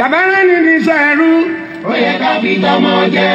bàbá rẹ́ni ní sẹ́rú. ó yẹ ká fi tọmọ jẹ.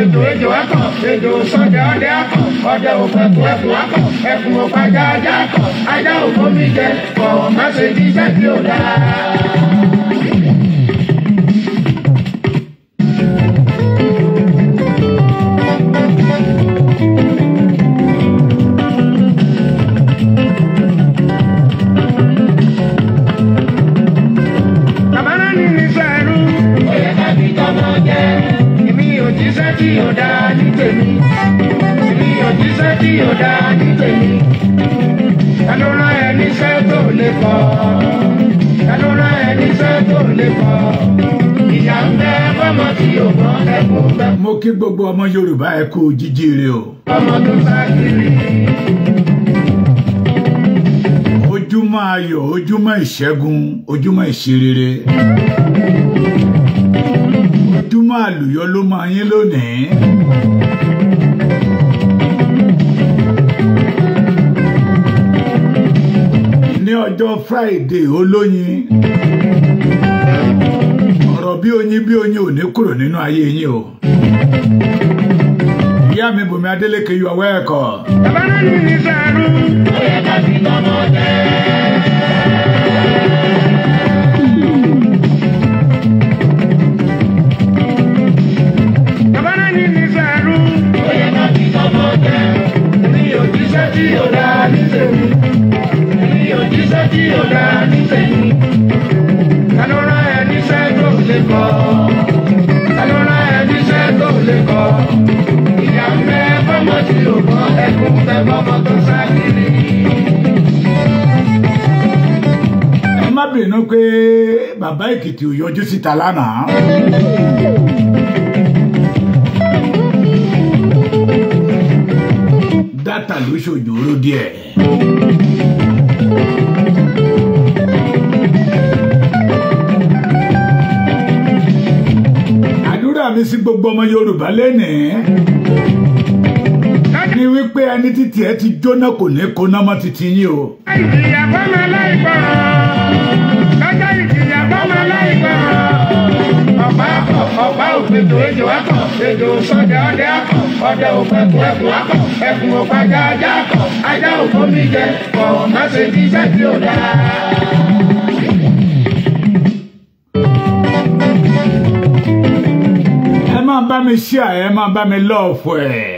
ejò ejò akọ̀ ejò sọdẹ ọdẹ akọ̀ ọdẹ òkú ẹkùn ẹkùn akọ̀ ẹkùn òkú ajá ajá akọ̀ ajá òkú mi jẹ kọ̀ má ṣe jíjẹ́ bí ò dáa. mo kí gbogbo ọmọ Yorùbá ẹ kú jíjíire o. ojúmọ́ ayọ̀ ojúmọ́ ìṣẹ́gun ojúmọ́ ìṣerere ojúmọ́ àlùyọ ló máa yín lónìí. ní ọjọ́ Friday olóyin bí oyin bí oyin ò ní kúrò nínú ayé yín o. ìyá mi Bùnmi Adéléke yọ ọwọ́ ẹ̀kọ́. bàbá náà ní ní sàárù. ká fi tọmọ tẹ. bàbá náà ní ní sàárù. ká fi tọmọ tẹ. mi ò jíṣẹ́ tí ò dáa ní sẹ́yìn. mi ò jíṣẹ́ tí ò dáa ní sẹ́yìn lè kọ́ ta ló rán ẹ níṣẹ́ tó lè kọ́ ìyá ń bẹ fọmọ tí ò mọ ẹkún tẹ fọmọ tó sá ẹ má bínú pé bàbá Èkìtì ò yọjú síta lánàá. dátà ló ṣòjòrò díẹ̀. mi sí gbogbo ọmọ Yorùbá lẹ́nìí ni wípé ẹni títí ẹ ti jóná kò ní kóná mọ́ títí yín o. ìjìyà fọmọ aláìgbọràn lọ́jọ́ ìjìyà fọmọ aláìgbọràn ọba akọ ọba òfètò ejò akọ ejò sọdẹ ọdẹ akọ ọdẹ òfẹkù ẹkù akọ ẹkùn òfàjà ajá akọ ajá òfòmíjẹ kọ má ṣe tí ò dáa. máa bá mi ṣíà ẹ máa bá mi lọ́ọ̀fù ẹ̀.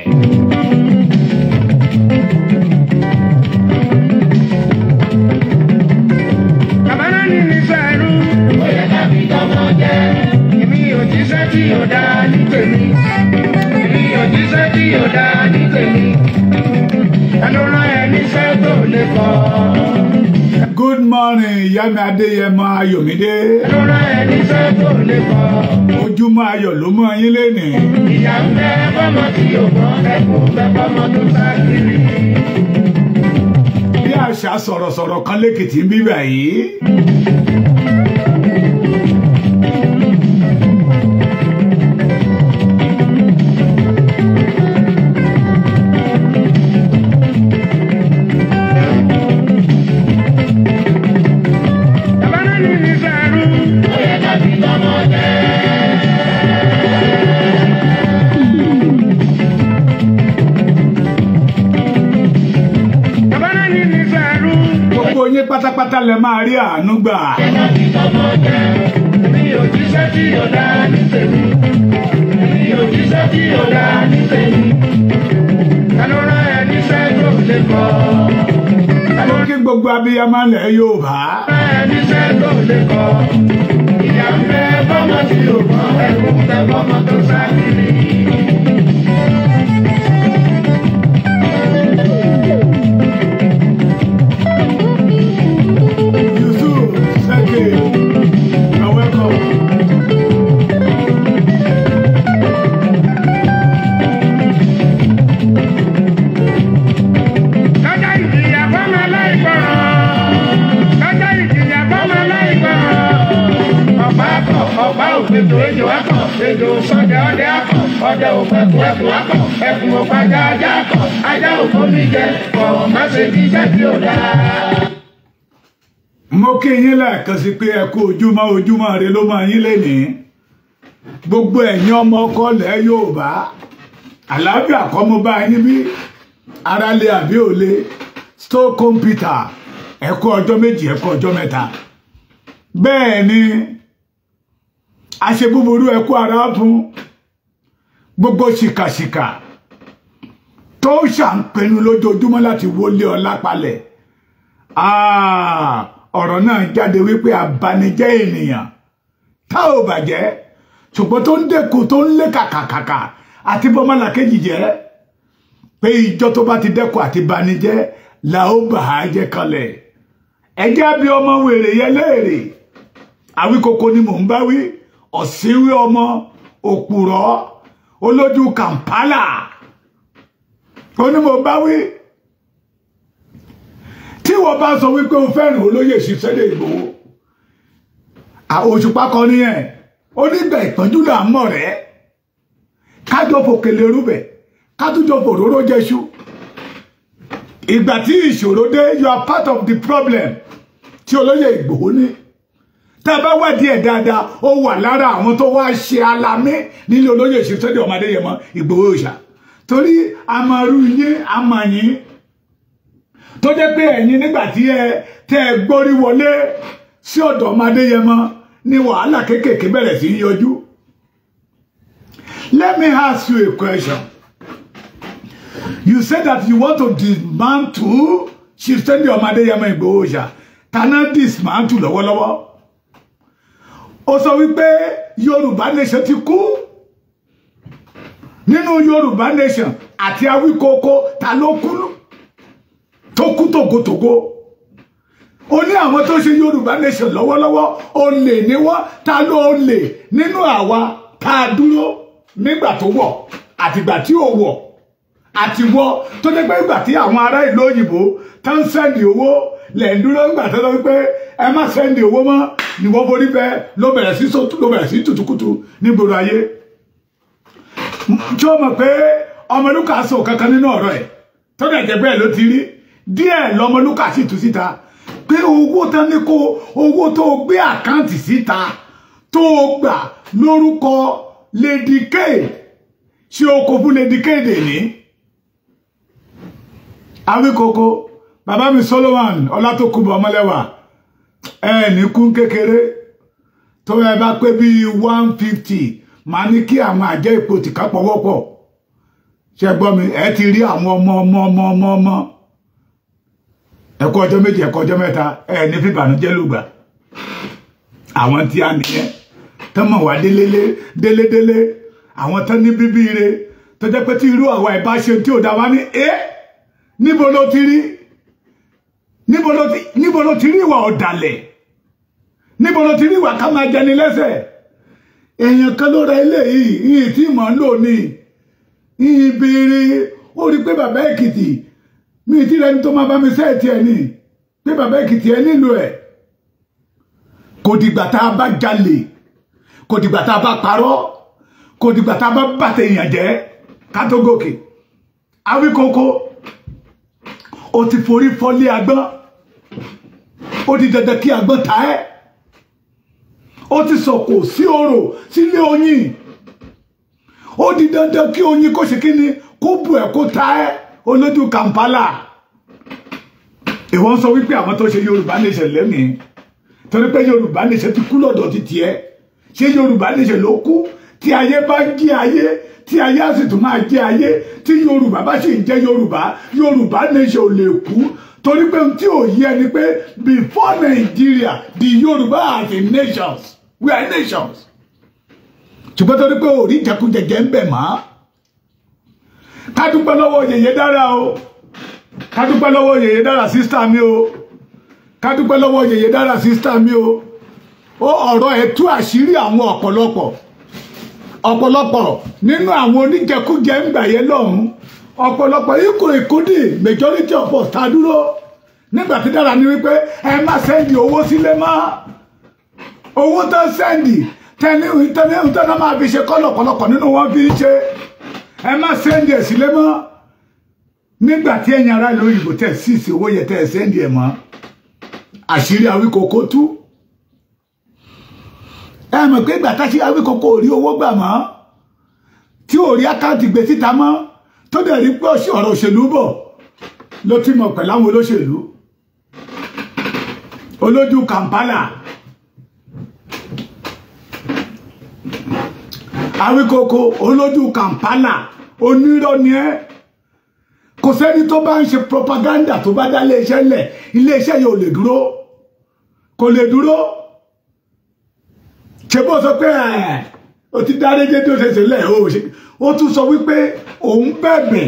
tí o dá ní tèmi. Èmi ò jíṣẹ́ tí o dá ní tèmi. Ẹnu rán ẹ níṣẹ́ ojúmọ́ rìn ìyá mi adéyẹmọ ayọ̀mídé. lọ́rọ̀ ẹni fẹ́ kò lè kọ́. ojúmọ́ ayọ̀ ló mọ yín lénìí. ìyá ń bẹ bọ́mọ tí yóò gbọ́ ẹ̀kú bẹ bọ́mọ tó sá kiri. bí àṣà sọ̀rọ̀sọ̀rọ̀ kan lẹ́kìtì ń bíbà yìí. lẹ máa rí àánú gbà. mi ò jíṣẹ́ tí ò ní tèmi mi ò jíṣẹ́ tí ò ní tèmi kánú rán ẹ níṣẹ́ tó lè kọ́. mo kí gbogbo abiyamọ lẹ Yorùbá. rán ẹ níṣẹ́ tó lè kọ́ ìyá ń bẹ bọ́mọ tí ò mọ ẹ̀kú tẹ bọ́mọ tó sá kiri. ejò ejò akọ ejò òfọdà ọdẹ akọ ọdẹ òfẹkù ẹkùn akọ ẹkùn òfọdà ọdẹ akọ ajá òfò mi jẹ kọ má ṣe bí iṣẹ́ tí ò dáa. mo kí yín lẹ́ẹ̀kan sí pé ẹ kú ojúmọ́ ojúmọ́ rẹ ló máa yín lénìí gbogbo ẹ̀yin ọmọ ọkọ lẹ̀ Yorùbá àlàáfíà kọ́ bá yín bí ara àbí òle store computer ẹ kú ọjọ́ méjì ẹ ọjọ́ mẹ́ta bẹ́ẹ̀ ni àṣẹ búburú ẹkú ara fún gbogbo ṣìkàṣìkà tó ṣàǹpẹnu lójoojúmọ́ láti wọlé ọlá palẹ̀ ah, ọ̀rọ̀ náà jáde wípé abanijẹ́ ènìyàn tá ò bàjẹ́ ṣùgbọ́n tó ń dẹ́kun tó ń lé kàkàkàkà àti bọ́mọ́là kejì jẹ́ pé ìjọ tó bá ti dẹ́kun àti banijẹ́ là ó bà á jẹ́ kalẹ̀ ẹjẹ́ bí ọmọ wèrè yẹn léèrè àwíkoko ni mò ń bá wí ọ̀síwí ọmọ òpùrọ́ olójú Kampala ó ní mo bá wí tí wọ́n bá sọ wípé o fẹ́ràn olóyè ṣiṣẹ́ lè gbowó òṣùpá kan nìyẹn onígbà ìpọ́njú là ń mọ̀ rẹ́ kájọ fòkèlè rúbẹ̀ kájọ fòróró jẹṣu ìgbà tí ìṣòro dé you are part of the problem tí olóyè Ìgbòho ní tá a ẹ̀ dáadáa ó wà lára àwọn tó wá ṣe alamí nílé olóyè Sunday ọmọ Adéyẹmọ Ìgbòho Òòṣà torí amaru yín amayín tó jẹ́ pé ẹ̀yin nígbà tí ẹ tẹ́ ẹ gbórí wọlé sí ọ̀dọ̀ ọmọ Adéyẹmọ ni wàhálà kéékèèké bẹ̀rẹ̀ sí í yọjú let me ask you a question you say that you want to dismantle Sunday ọmọ Adéyẹmọ Ìgbòho Òòṣà tana dismantle lọ́wọ́lọ́wọ́ ó sọ wípé yorùbá nation ti kú nínú yorùbá nation àti awíkoko ta ló kú tó kú tògótògó ó ní àwọn tó ṣe yorùbá nation lọ́wọ́lọ́wọ́ olè ni wọ́n ta ló olè nínú àwa tá a dúró nígbà tó wọ̀ àtìgbà tí ò wọ̀ àti wọ tó jẹ́ pé ìgbà tí àwọn ará ìlú òyìnbó tó ń sẹ́ndì owó lẹ̀ ń dúró tó lọ wípé ẹ má sẹ́ndì owó mọ́ ni wọ́n borí bẹ́ẹ̀ ló bẹ̀rẹ̀ sí ló bẹ̀rẹ̀ sí tutukutu ní gbòòrò ayé tí ó mọ̀ pé ọmọlúkà sọ kankan nínú ọ̀rọ̀ ẹ̀ tó dẹ̀ jẹ́ bẹ́ẹ̀ ló ti rí díẹ̀ lọmọlúkà sì tú síta pé owó tó ní kó owó tó gbé àkáǹtì síta tó gbà lórúkọ Lady K ṣé o kò fún Lady K dè ní awíkoko bàbá mi Solomon ọlátòkùnbọ̀ ọmọlẹ́wà ẹ kún kékeré tó ẹ bá pé bíi one fifty máa ní kí àwọn àjẹ́ ipò tìka pọ̀wọ́pọ̀ ṣe gbọ́ mi ẹ ti rí àwọn ọmọ ọmọ ọmọ ọmọ ọmọ ẹ̀kọ́ ọjọ́ méjì ẹ̀kọ́ ọjọ́ mẹ́ta ẹ a nìyẹn délélé délédélé àwọn ní bíbí tó jẹ́ pé tí irú tí ò dá níbo ló ti níbo ló ti rí ìwà ọ̀dàlẹ̀ níbo ló ti rí ìwà ká máa jẹni lẹ́sẹ̀ èèyàn kan ló ra ilé yìí ìyìn tí mò ń lò ní ìyìn béèrè ó rí pé bàbá èkìtì mi ti rẹni tó máa bá mi sẹ́ẹ̀tì ẹ̀ ní pé bàbá èkìtì ẹ nílò ẹ̀ kò dìgbà tá a bá jalè kò dìgbà tá a bá parọ́ kò dìgbà tá a bá bàtẹ̀ èèyàn jẹ́ ká tó gòkè awíkókó o ti forí fọ́lé agbọ́n ó di dandan kí agbọ́n ta ẹ́ ó ti sọ̀kò sí orò sílé oyin ó di dandan kí oyin kó ṣe kíni kó bù ẹ́ kó ta ẹ́ olójú Kampala ìwọ ń sọ wípé àwọn tó ṣe Yorùbá nation lẹ́mìí torí pé Yorùbá nation ti kú lọ́dọ̀ ti tiẹ̀ ṣé Yorùbá nation ló kú tí ayé bá jí ayé tí ayé á sì tún máa jẹ ayé tí yorùbá bá sì ń jẹ yorùbá yorùbá nation ò lè kú torí pé tí ò yẹ ni pé before Nigeria the Yorùbá are the nations we are nations ṣùgbọ́n torí pé ò rí jẹkújẹjẹ ń bẹ̀ mọ́ ká lọ́wọ́ yèyé dára o ká dúpẹ́ lọ́wọ́ yèyé dára sísá mi o ká lọ́wọ́ yèyé dára sísá mi o ó ọ̀rọ̀ ẹ̀ tú àṣírí àwọn ọ̀pọ̀lọpọ̀ ọ̀pọ̀lọpọ̀ nínú àwọn oníjẹkújẹ ń gbà yẹn lọ́hùn-ún ọ̀pọ̀lọpọ̀ ikùn ìkúdì majority of us ta dúró nígbà tí dára ni wípé ẹ má sẹ́ndì owó sílé má owó tó sẹ́ndì tẹ́lẹ̀ ìtẹ́lẹ̀ máa fi ṣe kọ́lọ̀kọ́lọ̀kọ̀ nínú wọn fi ṣe ẹ má sẹ́ndì ẹ̀ sílé mọ́ nígbà tí ẹ̀yin ará ìlú òyìnbó tẹ̀ sí ìsìn owó yẹ tẹ́ ẹ sẹ́ndì ẹ̀ mọ́ àṣírí tú ẹ mọ̀ pé tó dẹ̀ rí pé ọ̀rọ̀ òṣèlú bọ̀ ló ti mọ̀ pẹ̀lú àwọn olóṣèlú olójú Kampala Awíkókó olójú Kampala onírọ́ ni ẹ́ kò sẹ́ni tó bá ń ṣe propaganda tó bá dá iléeṣẹ́ lẹ̀ iléeṣẹ́ yìí ò lè dúró kò lè dúró ṣe bó sọ pé ẹ̀ o ti dáréjé tó ṣe sílẹ̀ o ṣe ó tún sọ wípé òun bẹ̀bẹ̀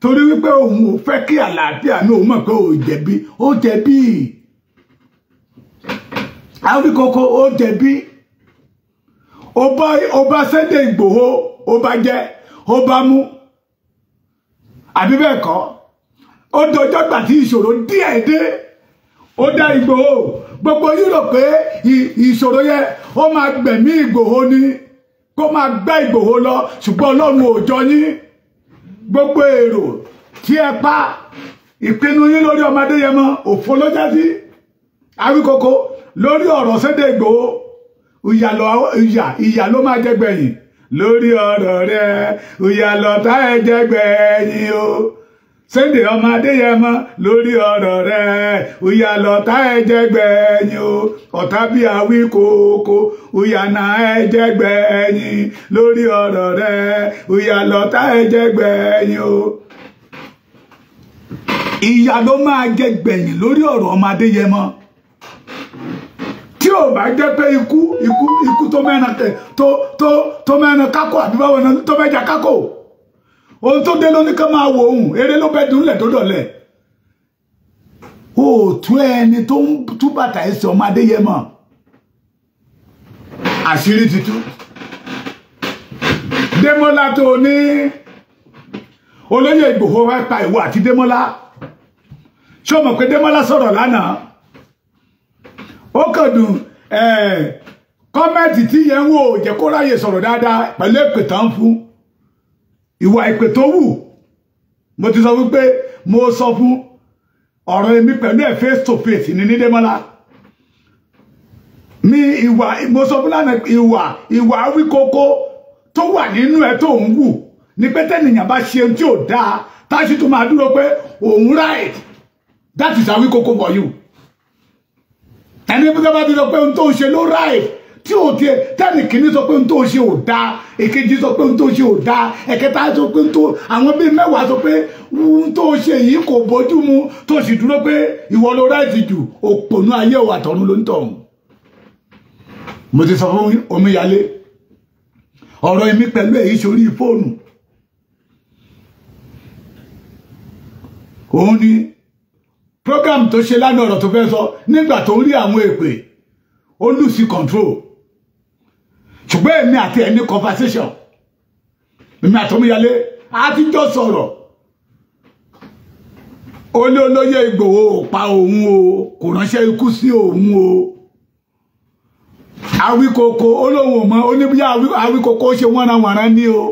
torí wípé òun ò fẹ́ kí àlàáfíà ní òun mọ̀ pé ó jẹ̀bi ó jẹ̀bi àríkókó ó jẹ̀bi ọba ọba Sunday Ìgbòho ọba jẹ ọba mú àbí bẹ́ẹ̀ kọ́ ó dọjọ́ gbà tí ìṣòro díẹ̀ dé ó dá Ìgbòho gbogbo yìí rò pé ìṣòro yẹn ó máa gbẹ̀mí Ìgbòho ni kó máa gbá Ìgbòho lọ ṣùgbọ́n Ọlọ́run ò jọ yín gbogbo èrò tí ẹ pa ìpinnu yín lórí ọmọ Adéyẹmọ òfo ló já sí àwíkoko lórí ọ̀rọ̀ Sunday Ìgbòho ìyà ló máa jẹ gbẹ̀yìn lórí ọ̀rọ̀ rẹ̀ ìyà lọ̀tá ẹ̀ jẹ gbẹ̀yìn o. Sunday ọmọ Adéyẹmọ lórí ọ̀rọ̀ rẹ̀ òyà lọ́tà ẹ̀jẹ̀ gbẹ̀yìn o ọ̀tá bí awí kòókò òyà náà ẹ̀jẹ̀ gbẹ̀yìn lórí ọ̀rọ̀ rẹ̀ òyà lọ́tà ẹ̀jẹ̀ gbẹ̀yìn o. ìyà ló máa jẹ gbẹ̀yìn lórí ọ̀rọ̀ ọmọ Adéyẹmọ tí ò bá jẹ́ pé ikú ikú ikú tó mẹ́rin kákò àbí báwo ni tó mẹ́jà kákò ohun tó dé lóní kan máa wo ohun eré ló bẹ́ dunlẹ̀ tó dọ̀lẹ̀ òòtú ẹni tó ń tú bàtà ẹsẹ̀ ọmọ adéyẹmọ àṣírí ti tú démọ́lá tó ní olóyè ìgbòho wá pa ìwọ àti démọ́lá ṣé o mọ̀ pé démọ́lá sọ̀rọ̀ lánàá ó kàn dùn kọ́mẹ́ǹtì tí yẹn ń wò jẹ́ kó ráyè sọ̀rọ̀ dáadáa pẹ̀lú èpè tán fún ìwà ìpè tó wù mo ti sọ wípé mo sọ fún ọ̀rọ̀ èmi pẹ̀lú ẹ̀ face to face ní ní Démọ́lá mi ìwà mo sọ fún lánàá ìwà ìwà wíkókó tó wà nínú ẹ tó ń wù ní pé tẹ́nìyàn bá ṣe ohun tí ò dáa táṣí tó máa dúró pé òun right that is àwíkókó for you ẹni bí wọ́n bá ti sọ pé ohun tó ń ṣe ló right tí o tiẹ̀ tẹ́nì kìíní sọ pé n tó ṣe ò dáa èkejì sọ pé n tó ṣe ò dáa ẹ̀kẹta sọ pé n tó àwọn bíi mẹ́wàá sọ pé n tó ṣe yìí kò bójú mu tó sì dúró pé ìwọ ló ráìtì jù òpònú ayé ò àtọ̀run ló ń tọ̀hún. mo ti sọ fún omíyalé ọ̀rọ̀ èmi pẹ̀lú èyí sórí fóònù òun ni program tó ṣe lánàá ọ̀rọ̀ tó fẹ́ sọ nígbà tó ń rí àwọn èpè ó lù sí control ṣùgbọ́n èmi àti ẹni conversation èmi àtọ́múyalé a ti jọ sọ̀rọ̀ ó ní olóyè Ìgbòho ò pa òun o kò ránṣẹ́ ikú sí òun o Awíkòkò olóhùn mọ́ ó ní bí Awíkòkò ó ṣe wọ́nranwọ̀nran ní o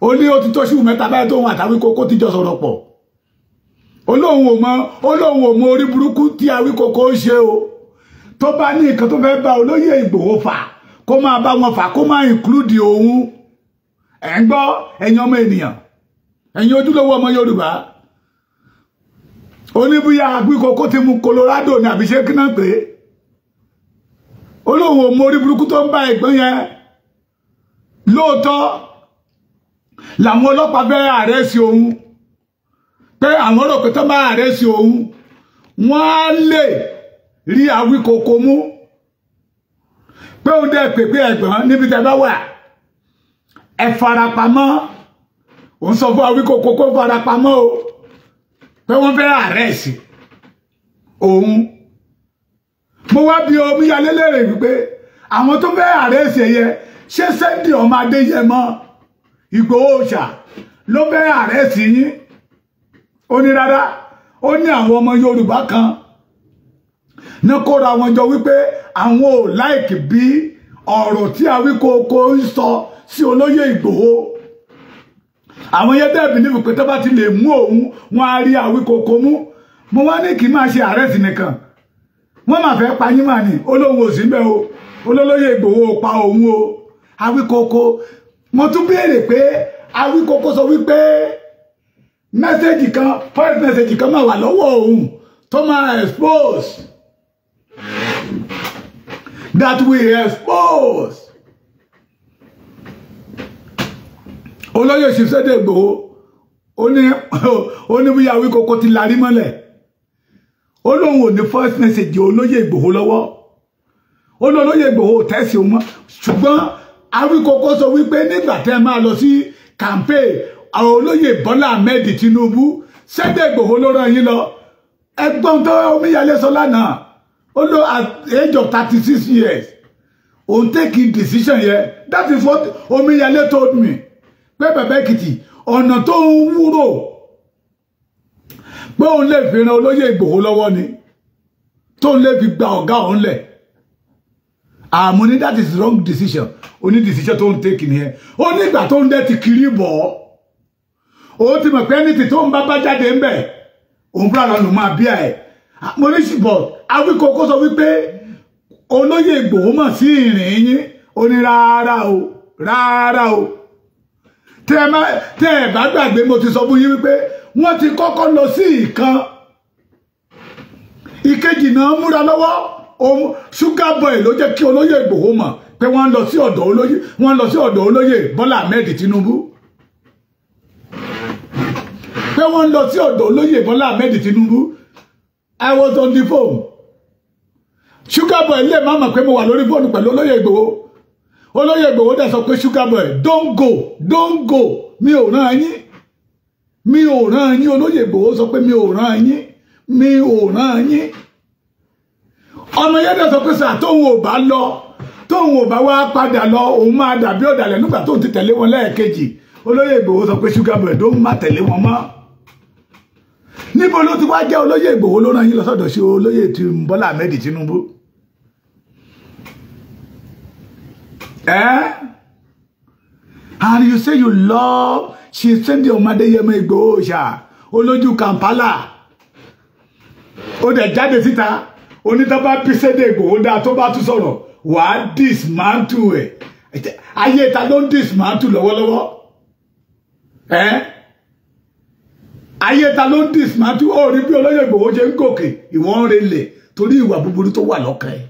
ó ní ó ti tó ṣùgbọ́n mẹ́ta báyìí tóun àtàwíkòkò ti jọ sọ̀rọ̀ pọ̀ olóhùn ò mọ olóhùn ò mọ orí burúkú tí Awíkòkò ṣe o tó bá ní nǹkan tó fẹ́ bá olóyè Ìgbòho fà á kó máa bá wọn fà kó máa include òun ẹ̀ ń gbọ́ ẹ̀yin ọmọ ènìyàn ẹ̀yin ojúlówó ọmọ Yorùbá oníbúyà agbíkókó ti mu Colorado ní àbíṣe kí náà pé olóhùn ò mórí burúkú tó ń bá ẹ̀gbọ́n yẹn lóòótọ́ làwọn ọlọ́pàá bẹ́ẹ̀ ààrẹ òun pé àwọn rò pé tó bá ààrẹ òun wọ́n á lè rí Awíkókó mú pé ó dẹ́ pèpè ẹ̀gbọ́n níbi tẹ́ bá wà ẹ farapamọ́ òun sọ fún Awíkókó kó farapamọ́ o pé wọ́n fẹ́ àrẹ́sì òun mo wá bí omi alélèrè wípé àwọn tó fẹ́ àrẹ́sì ẹ̀yẹ ṣé sẹ́ńdì ọmọ Adéyẹmọ Ìgbòho Òòṣà ló fẹ́ àrẹ́sì yín ó ní rárá ó ní àwọn ọmọ Yorùbá kan ní kóra wọn jọ wípé àwọn ò láìkì bí ọ̀rọ̀ tí Awíkóòkó ń sọ sí olóyè Ìgbòho àwọn yẹn dẹ́bi níbi pé tó bá ti lè mú òun wọn á rí Awíkóòkó mú mo wá ní kí n máa ṣe àrẹ́sì nìkan wọ́n máa fẹ́ pa mà ní olóhùn òsì ń bẹ́ o olólóyè Ìgbòho ò pa òun o Awíkóòkó mo tún béèrè pé Awíkóòkó sọ wípé mẹ́sẹ̀gì kan first mẹ́sẹ̀gì kan máa wà lọ́wọ́ òun tó máa expose that we expose. olóyè Ṣèyí Ìgbòho ó ní ó ní bóyá Awíkókó ti larí mọ́lẹ̀ ó lóun ò ní first message olóyè Ìgbòho lọ́wọ́ ó ní olóyè Ìgbòho tẹ̀sí òun mọ́ ṣùgbọ́n Awíkókó sọ wípé nígbà tẹ́ ẹ máa lọ sí campaign àwọn olóyè Bọ́lá Ahmed Tinubu Ṣèyí Ìgbòho ló rán yín lọ ẹgbọ́n tó omíyalé sọ lánàá although at the age of 36 years on taking decision here, that is what Omiyale told me pé bàbá on ọ̀nà tó ń wúrò pé òun lè fi ran olóyè Ìgbòho lọ́wọ́ ni tó ń lè fi gba ọ̀gá òun that is wrong decision Only decision to ń take nìyẹn ó nígbà tó ń dẹ́ ti kiri bọ̀ ọ́ òun ti mọ̀ pé ẹni tí tó ń bá bá mo ní ṣùgbọ́n awíkoko sọ wípé olóyè Ìgbòho mọ̀ sí ìrìn yín ó ní rárá o rárá o tẹ́ ẹ bá gbàgbé mo ti sọ fún yín wípé wọ́n ti kọ́kọ́ lọ sí ìkan ìkejì náà múra lọ́wọ́ sugar boy ló jẹ́ kí olóyè Ìgbòho mọ̀ pé wọ́n ń lọ sí ọ̀dọ̀ olóyè wọ́n ń lọ sí ọ̀dọ̀ olóyè Bọ́lá Ahmed Tinubu pé wọ́n ń lọ sí ọ̀dọ̀ olóyè Bọ́lá Ahmed Tinubu I was on the phone. Sugar boy lè mama mọ̀ pé mo wà lórí fóònù pẹ̀lú olóyè Ìgbòho. Olóyè Ìgbòho dẹ̀ sọ pé sugar boy don't go don't go mi ò rán yín. Mi ò rán yín olóyè Ìgbòho sọ pé mi ò rán yín mi ò rán yín. Ọmọ yẹn dẹ̀ sọ pé sà tóun ò bá lọ tóun ò bá wá padà lọ òun máa dàbí ọ̀dàlẹ̀ nígbà tóun ti tẹ̀lé wọn lẹ́ẹ̀kejì. Olóyè Ìgbòho sọ pé sugar boy don't má tẹ̀lé wọn mọ́ níbo ló ti wá jẹ́ olóyè Ìgbòho ló rán yín lọ sọ́dọ̀ sí olóyè tí Bọ́lá Ahmed Tinubu and you say you love she send your mother. Adéyẹmọ Ìgbòho ṣá olójú Kampala ó dẹ̀ jáde síta onítọ́ba píṣẹ́dẹ̀ Ìgbòho dáa tó bá tún sọ̀rọ̀ wàá dismantle ẹ̀ ayé ta ló ń dismantle lọ́wọ́lọ́wọ́ ẹ́. Eh? ayé ta ló ń dismantle ó rí bí olóyè Ìgbòho ṣe ń gòkè ìwọ̀n relẹ̀ torí ìwà búburú tó wà lọ́kàn ẹ̀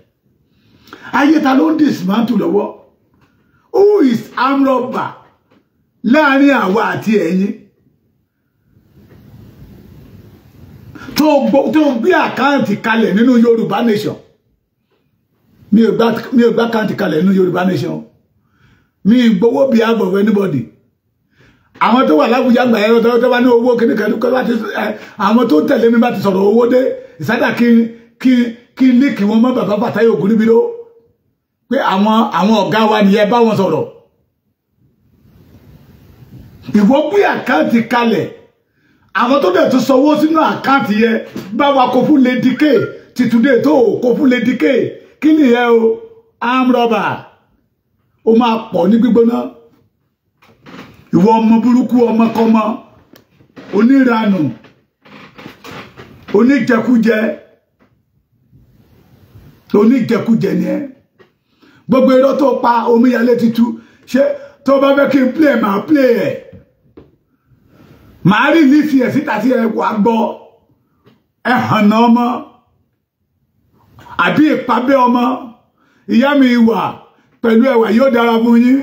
ayé ta ló ń dismantle lọ́wọ́ who is arm robber láàrin àwa àti ẹ̀yin tó ń gbé àkáǹtì kalẹ̀ nínú Yorùbá nation mi ò gbá àkáǹtì kalẹ̀ nínú Yorùbá nation mi ì gbowó behalf of anybody àwọn tó wà lábújá gbà ẹ̀rọ tó bá ní owó kíníkan tó bá ti àwọn tó tẹ̀lé mi bá ti sọ̀rọ̀ owó dé ìsádà kí kí kí líkì wọn mọ́ bàbá Fatai Ògúnníbiró pé àwọn àwọn ọ̀gá wa nìyẹn bá wọn sọ̀rọ̀ ìwọ gbé àkáǹtì kalẹ̀ àwọn tó dẹ̀ tún sanwó sínú àkáǹtì yẹn bá wa kó fún Lady K tìtúndé tó kó fún Lady K kí nìyẹn o arm rubber ó máa pọ̀ ní gbígbóná ìwọ ọmọ burúkú ọmọkọmọ oníranù oníjẹkújẹ oníjẹkújẹ ni ẹ gbogbo irọ́ tó pa omíyalé titú ṣé tó bá fẹ́ kí n play màá play ẹ̀ màá rí lífi ẹ̀ síta tí ẹ wà gbọ́ ẹ hànà ọmọ àbí ìpàbẹ́ ọmọ ìyá mi wà pẹ̀lú ẹwà yóò dára fún yín.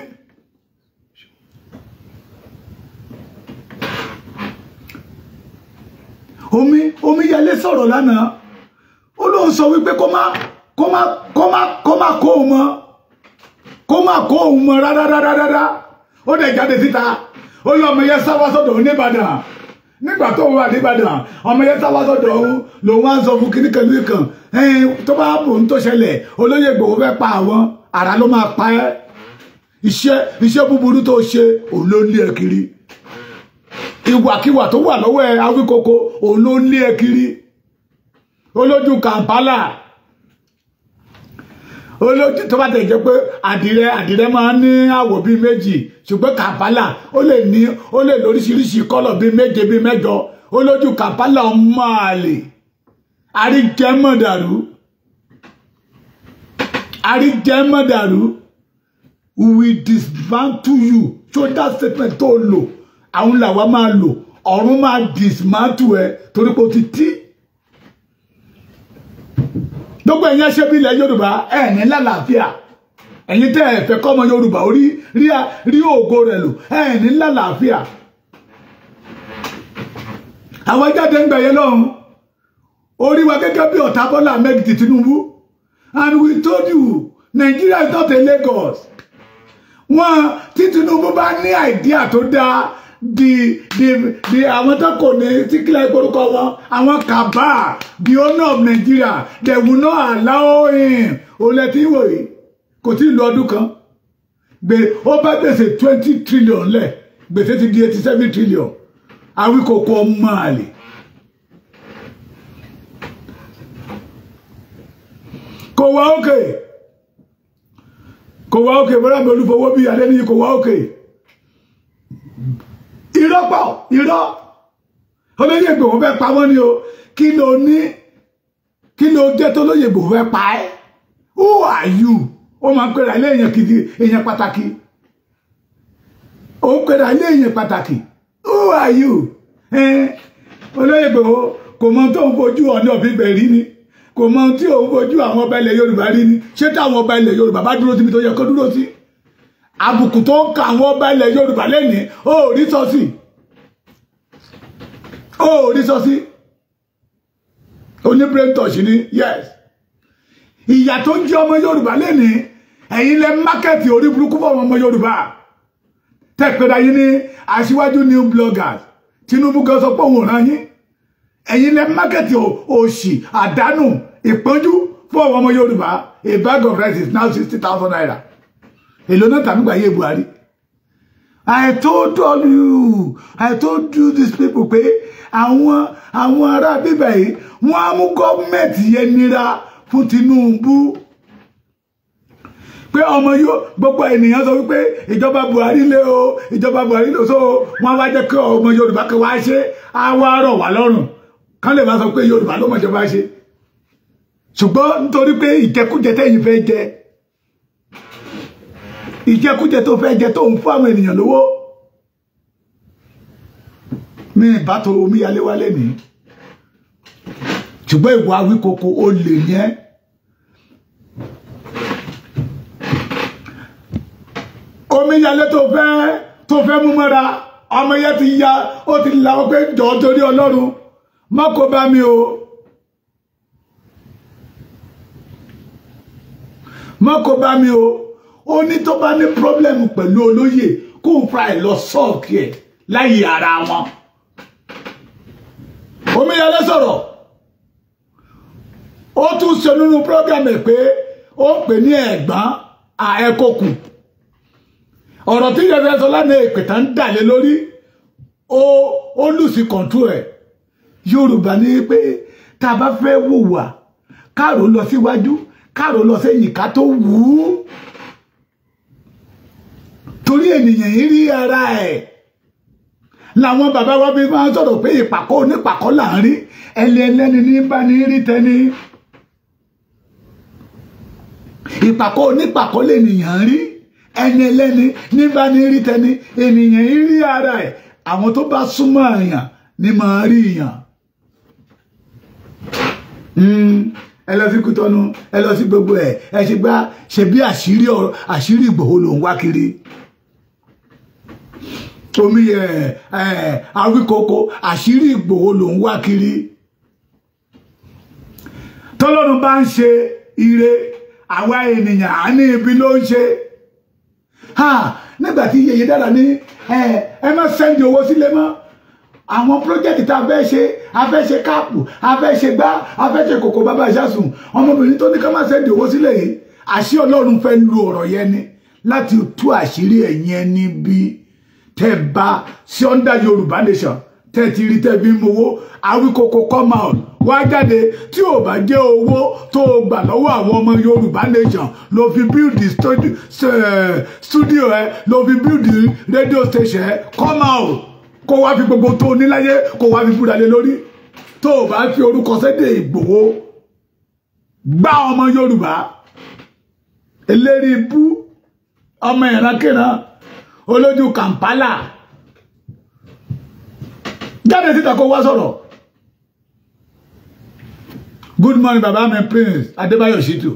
omi omíyẹlé sọ̀rọ̀ lánàá ó lóun sọ wípé kó má kó má kó má kó má kó òun mọ́ kó má kó òun mọ́ rárárárárá ó dẹ̀ jáde síta ó lọ ọmọ yẹn sáwá sọ́dọ̀ oníbàdàn nígbà tó wà níbàdàn ọmọ yẹn sáwá sọ́dọ̀ òun lòun wá ń sọ fún kíní kan kan tó bá bò ń tó ṣẹlẹ̀ olóyè gbòó fẹ́ pa àwọn àrà ló máa pa ẹ́ iṣẹ́ iṣẹ́ búburú tó ṣe òun ló ń lé ẹ kiri ìwàkiwà tó wà lọ́wọ́ ẹ awíkoko òun ló ń ẹ kiri olójú Kampala olójú tó bá tẹ̀ pé àdìrẹ àdìrẹ máa ní àwọ̀ bíi méjì ṣùgbọ́n Kampala ó lè ní ó lè lóríṣiríṣi kọ́lọ̀ bíi méje bíi mẹ́jọ olójú Kampala ọmọ àríjẹmọ̀dàrú àríjẹmọ̀dàrú we dismantle you so that statement tó lò àwọn làwa máa lò ọ̀run máa dismantle ẹ torí pé o ti tí gbogbo ẹ̀yin ẹṣẹ́ ilẹ̀ yorùbá ẹ̀ ní lálàáfíà ẹ̀yin tẹ́ ẹ̀ fẹ́ kọ́mọ yorùbá orí rí ògo rẹ̀ lò ẹ̀ ní lálàáfíà àwọn jáde ń gbẹ̀yẹ lọ́run orí wa gẹ́gẹ́ bí ọ̀tá bọ́lá ahmed tinubu and we told you nigeria is not a lagos wọn tí tinubu bá ní àìdíà tó dáa the the the àwọn tó kò ní tí kílẹ̀ ìgbórúkọ wọn àwọn kaba the owner of Nigeria they will not allow him olẹ́tí ìwòye kò tí ì lọ ọdún kan gbè ó bá gbèsè twenty trillion lẹ̀ gbèsè ti di eighty seven trillion awíkòkò ọmọ àlè. kò wá òkè kò wá òkè bọ́lá mi olúfowó bíi adé nìyí kò wá òkè. Okay irọ́ pọ̀ irọ́ olóyè Ìgbòho fẹ́ pa wọ́n ni o kí ló ní kí ló jẹ́ tó lóyè Ìgbòho fẹ́ pa ẹ́ who are you ó máa ń pera ilé èèyàn kìkì èèyàn pàtàkì ó ń pera ilé èèyàn pàtàkì who are you olóyè Ìgbòho kò mọ tó ń fojú ọ̀nà ọ̀bíbẹ̀ rí ni kò mọ tí òun fojú àwọn ọba ilẹ̀ Yorùbá rí ni ṣé táwọn ọba ilẹ̀ Yorùbá bá dúró síbi tó yẹ kó dúró sí àbùkù tó ń ka àwọn ọba ilẹ̀ Yorùbá lẹ́nìí ó rí sọ sí ó rí sọ sí oní brain touch ni yes ìyà tó ń jẹ ọmọ Yorùbá lẹ́nìí ẹ̀yin lẹ mákẹ́tì orí burúkú fún ọmọ Yorùbá tẹ́pẹ́ra yín ní aṣíwájú new bloggers Tinubu gan sọ pé òun ò rán yín ẹ̀yin lẹ mákẹ́tì òṣì àdánù ìpọ́njú fún ọmọ Yorùbá a bag of rice is now sixty thousand naira èlò náà tàbí Buhari I told all you I told you these people pé àwọn àwọn ará bíbẹ̀ yìí wọ́n á mú gọ́ọ̀mẹ̀ntì yẹn nira fún Tinubu pé ọmọ yóò gbogbo ènìyàn sọ wípé ìjọba Buhari lé o ìjọba Buhari lè so wọn wá jẹ́ kí ọmọ Yorùbá kan wá ṣe á wá rọ̀ wá lọ́rùn kán lè máa sọ pé Yorùbá ló mọ̀ ìjọba ṣe ṣùgbọ́n nítorí pé ìjẹkújẹ tẹ́yìn fẹ́ jẹ ìjẹkújẹ tó fẹ́ jẹ tó ń fún àwọn ènìyàn lówó mi ìbátò omíyalé wálé nìí ṣùgbọ́n ìwà wíkoko ó lè yẹn omíyalé tó fẹ́ tó fẹ́ mú mọ́ra ọmọ yẹn ti ya ó ti làwọn pé jọ torí ọlọ́run má kó bá mi o má bá mi o ó ní tó bá ní pírọ́blẹ́mù pẹ̀lú olóyè kó n fura ẹ̀ lọ sọ́ọ̀kì ẹ̀ láyé ara wọn. omíyalé sọ̀rọ̀ ó tún ṣe nínú pírọ́gàmù ẹ̀ pé ó ń pè ní ẹ̀gbọ́n àẹ́kọ̀kù ọ̀rọ̀ tí yẹn fẹ́ sọ lánàá èpè tá ń dàlé lórí ó ó lùsì kọ̀ǹtù ẹ̀ yorùbá ní pé tá a bá fẹ́ wùwà káàró lọ síwájú káàró lọ sẹ́yìn ká tó wù ú nítorí ènìyàn yìí rí ara ẹ̀ làwọn bàbá wa bí máa ń sọ̀rọ̀ pé ìpàkọ́ onípàkọ́ là ń rí ẹni ẹlẹ́ni ní bá ní rí tẹni ìpàkọ́ onípàkọ́ lènìyàn rí ẹni ẹlẹ́ni ní bá ní rí tẹni ènìyàn yìí rí ara ẹ̀ àwọn tó bá súnmọ́ èèyàn ní máa rí èèyàn hmm, ẹ lọ sí kútọ́nu ẹ lọ sí gbogbo ẹ̀ ẹ ṣe gbá ṣe bí àṣírí Ìgbòho ló ń wá kiri omi awíkoko àṣírí Ìgbòho ló ń wá kiri tọ́lọ́run bá ń ṣe ire àwa ènìyàn á ní ibi ló ń ṣe nígbà tí Yèyé Dára ní ẹ má sẹ́ndì owó sílé mọ́ àwọn project tá a fẹ́ ṣe a fẹ́ ṣe káàpù a fẹ́ ṣe gbá a fẹ́ ṣe kòkó bàbá ìṣàsùn ọmọbìnrin tó ní ká má sẹ́ndì owó sílẹ̀ yìí àṣé ọlọ́run fẹ́ lu ọ̀rọ̀ yẹn ni láti tú àṣírí ẹ̀yìn ẹni bíi tẹ́ bá sí under Yorùbá nation tẹ́ ti rí tẹ́ mowó Awíkókó come out wá jáde tí ò bá jẹ́ owó tó o gbà lọ́wọ́ àwọn ọmọ Yorùbá nation ló fi build studio ẹ ló fi build radio station ẹ come out kó wá fi gbogbo tó níláyé kó wá fi fúra lé lórí tó o bá fi orúkọ sédè Ìgbòho gbá ọmọ Yorùbá eléríbú ọmọ ìrankíran olójú Kampala jáde síta kó wá sọ̀rọ̀ good morning baba mi prince Adébáyọ̀ Ṣítù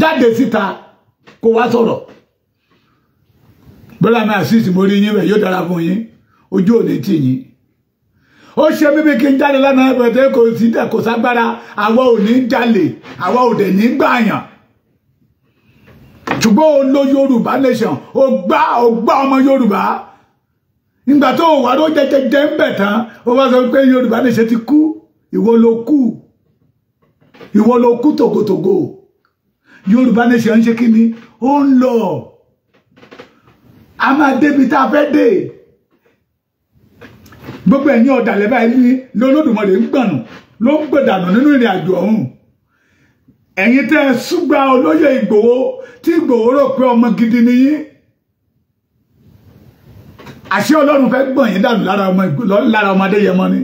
jáde síta kó wá sọ̀rọ̀ bọ́lá mi àṣìṣì mo rí yín bẹ̀ yóò dára fún yín ojú ò ní tì yín ó ṣe bíbí kí n jáde lánàá ẹgbẹ̀tẹ́ kò sí kò ságbára àwa ò ní jalè àwa ò dẹ̀ ní gbàyàn ṣùgbọ́n o lo yorùbá nation o gbá o gbá ọmọ yorùbá nígbà tó o wà ló jẹjẹjẹ ń bẹ̀ tán o bá sọ pé yorùbá nation ti kú ìwọ ló kú ìwọ ló kú tògótògó yorùbá nation ń ṣe kí ni ó ń lọ a máa débi tá a fẹ́ dé gbogbo ẹ̀yin ọ̀dàlẹ̀ báyìí lọ́lọ́dúnmọ̀dé ń gbọ̀nù ló ń gbọ̀dànù nínú ìrìn àjò ọ̀hún ẹ̀yin tẹ́ ẹ súgbà olóyè Ìgbòho tí Ìgbòho rò pé ọmọ gidi ni yín àṣé Ọlọ́run fẹ́ gbọ̀n yín dànù lára ọmọdé yẹn mọ́ ni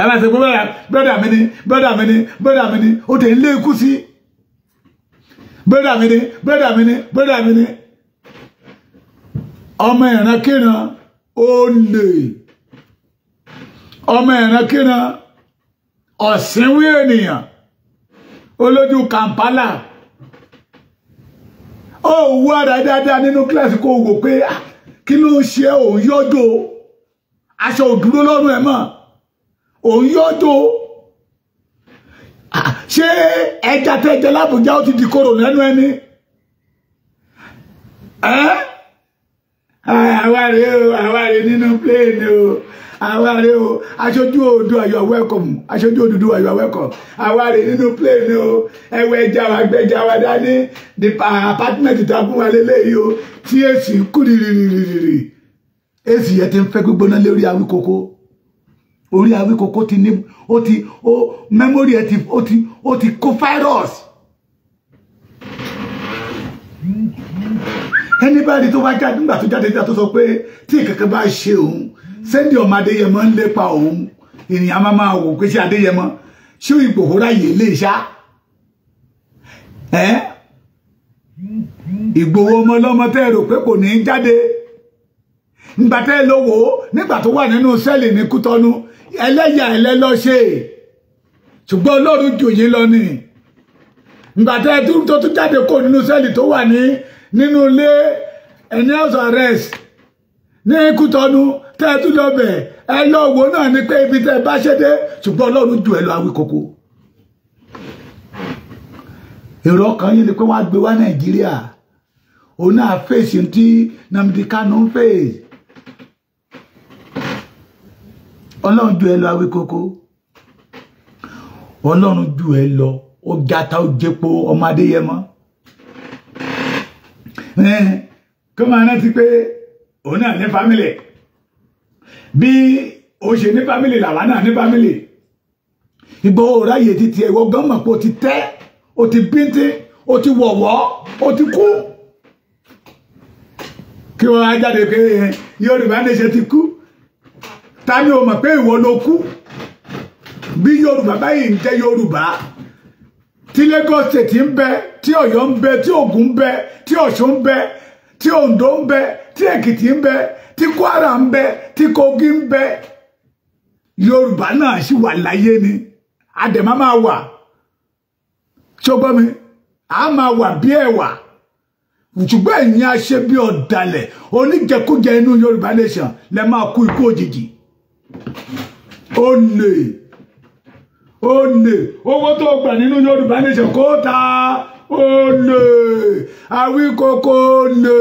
ẹ̀rọ ẹ̀sìn pé brọ́dà mi ni brọ́dà mi ni brọ́dà mi ni ó tẹ̀ ń lé ikú sí brọ́dà mi ni brọ́dà mi ni brọ́dà mi ni ọmọ ìrankíran ó lè ọmọ ìrankíran ọ̀sìnwé ènìyàn olójú kàǹpálà ó wú ara dáadáa nínú kíláàsì kó wò pé ah, kí ló ń ṣe òun yọjọ aṣọ òdúró lọ́rùn ẹ̀ mọ́ òun yọjọ ah, ṣé ẹja tẹjẹ lábùjá ó ti di kòrò lẹ́nu ẹni ẹ àwa rèé o àwa rèé nínú pléènì o àwárí o aṣojú Oòduà you are welcome aṣojú Odùduwà you are welcome àwárí nínú plane o ẹwẹ ẹja wa gbẹja wa dání the apartment tó a fún wa lélẹyìí o tí èsì kú rìrìrìrì èsì yẹn ti ń fẹ́ gbígbóná lórí awíkoko orí awíkoko ti ní ó ti ó mẹ́mórì ẹ ti ó ti ó ti kó fáírọ́ọ̀sì. anybody tó bá jáde nígbà tó jáde nígbà tó sọ pé tí ìkankan bá ṣe òun Sunday ọmọ Adéyẹmọ ń lépa òun ènìyàn máa máa wò pé ṣé Adéyẹmọ ṣé Ìgbòho ráyè lè ṣá ẹ Ìgbòho ọmọ ọlọ́mọ tẹ́ rò pé kò ní jáde nígbà tẹ́ ló wò ó nígbà tó wà nínú sẹ́ẹ̀lì ní Kútọ́nú ẹlẹ́yà ẹlẹ́lọ́ṣẹ́ ṣùgbọ́n Ọlọ́run jòyè lọ ni nígbà tẹ́ tó tún jáde kò nínú sẹ́ẹ̀lì tó wà ní nínú ilé ẹni house arrest ní Kútọ́nú tẹ́ ẹ tún lọ bẹ̀ ẹ lọ wo náà ni pé ibi tẹ́ ẹ bá ṣe dé ṣùgbọ́n ọlọ́run ju ẹ lọ Awíkókó èrò ọkàn yín ni pé wàá gbé wá Nàìjíríà òun náà fèsì tí Nnamdi Kanu ń fèsì ọlọ́run ju ẹ lọ Awíkókó ọlọ́run ju ẹ lọ ó jata ó jẹpo ọmọ Adéyẹmọ kó máa rántí pé òun náà ní fámílì bí o ṣe ní fámìlì làwa náà ní fámìlì Ìgbòho ráyè ti tiẹ̀ wọ gánmọ̀ pé o ti tẹ́ o ti bíntín o ti wọ̀wọ́ o ti kú kí wọ́n á jáde pé eh, Yorùbá nation ti kú ta ni o mọ̀ pé ìwọ ló kú bí Yorùbá báyìí ń jẹ́ Yorùbá tí Lagos state ń bẹ tí Ọ̀yọ́ ń bẹ tí Ògùn ń bẹ tí Ọ̀ṣun ń bẹ tí Oǹdó ń bẹ tí Èkìtì ń bẹ tí Kwara ń bẹ tí Kogi ń bẹ Yorùbá náà sì wà láyé ni àdèmá máa wà ṣọgbọ́n mi a máa wà bí ẹ̀wà ṣùgbọ́n ẹ̀yin á ṣe bí ọ̀dàlẹ̀ oníjẹkújẹ inú Yorùbá nation lẹ máa kú ikú òjijì ó lè ó lè owó tó gbà nínú Yorùbá nation kó ta ó lè àwíkókó lè.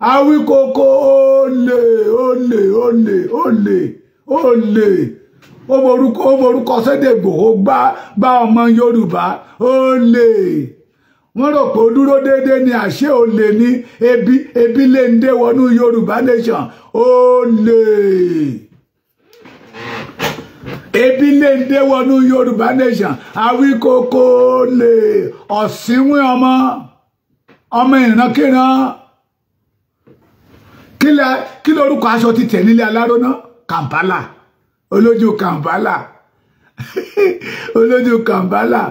Awíkoko olè olè olè olè olè ó morúkọ sédègbò ó gbá bá ọmọ Yorùbá olè wọ́n rò pé ó dúró déédéé ni àṣé olè ni ebi ebi lè ń dé yoruba nation olè ebi lè ń dé wọnú Yorùbá nation Awíkoko olè ọ̀sìnwín ọmọ ọmọ ìrankíran kí lórúkọ aṣọ ti tẹ̀ nílé aláró náà kàǹbálà olójú kàǹbálà olójú kàǹbálà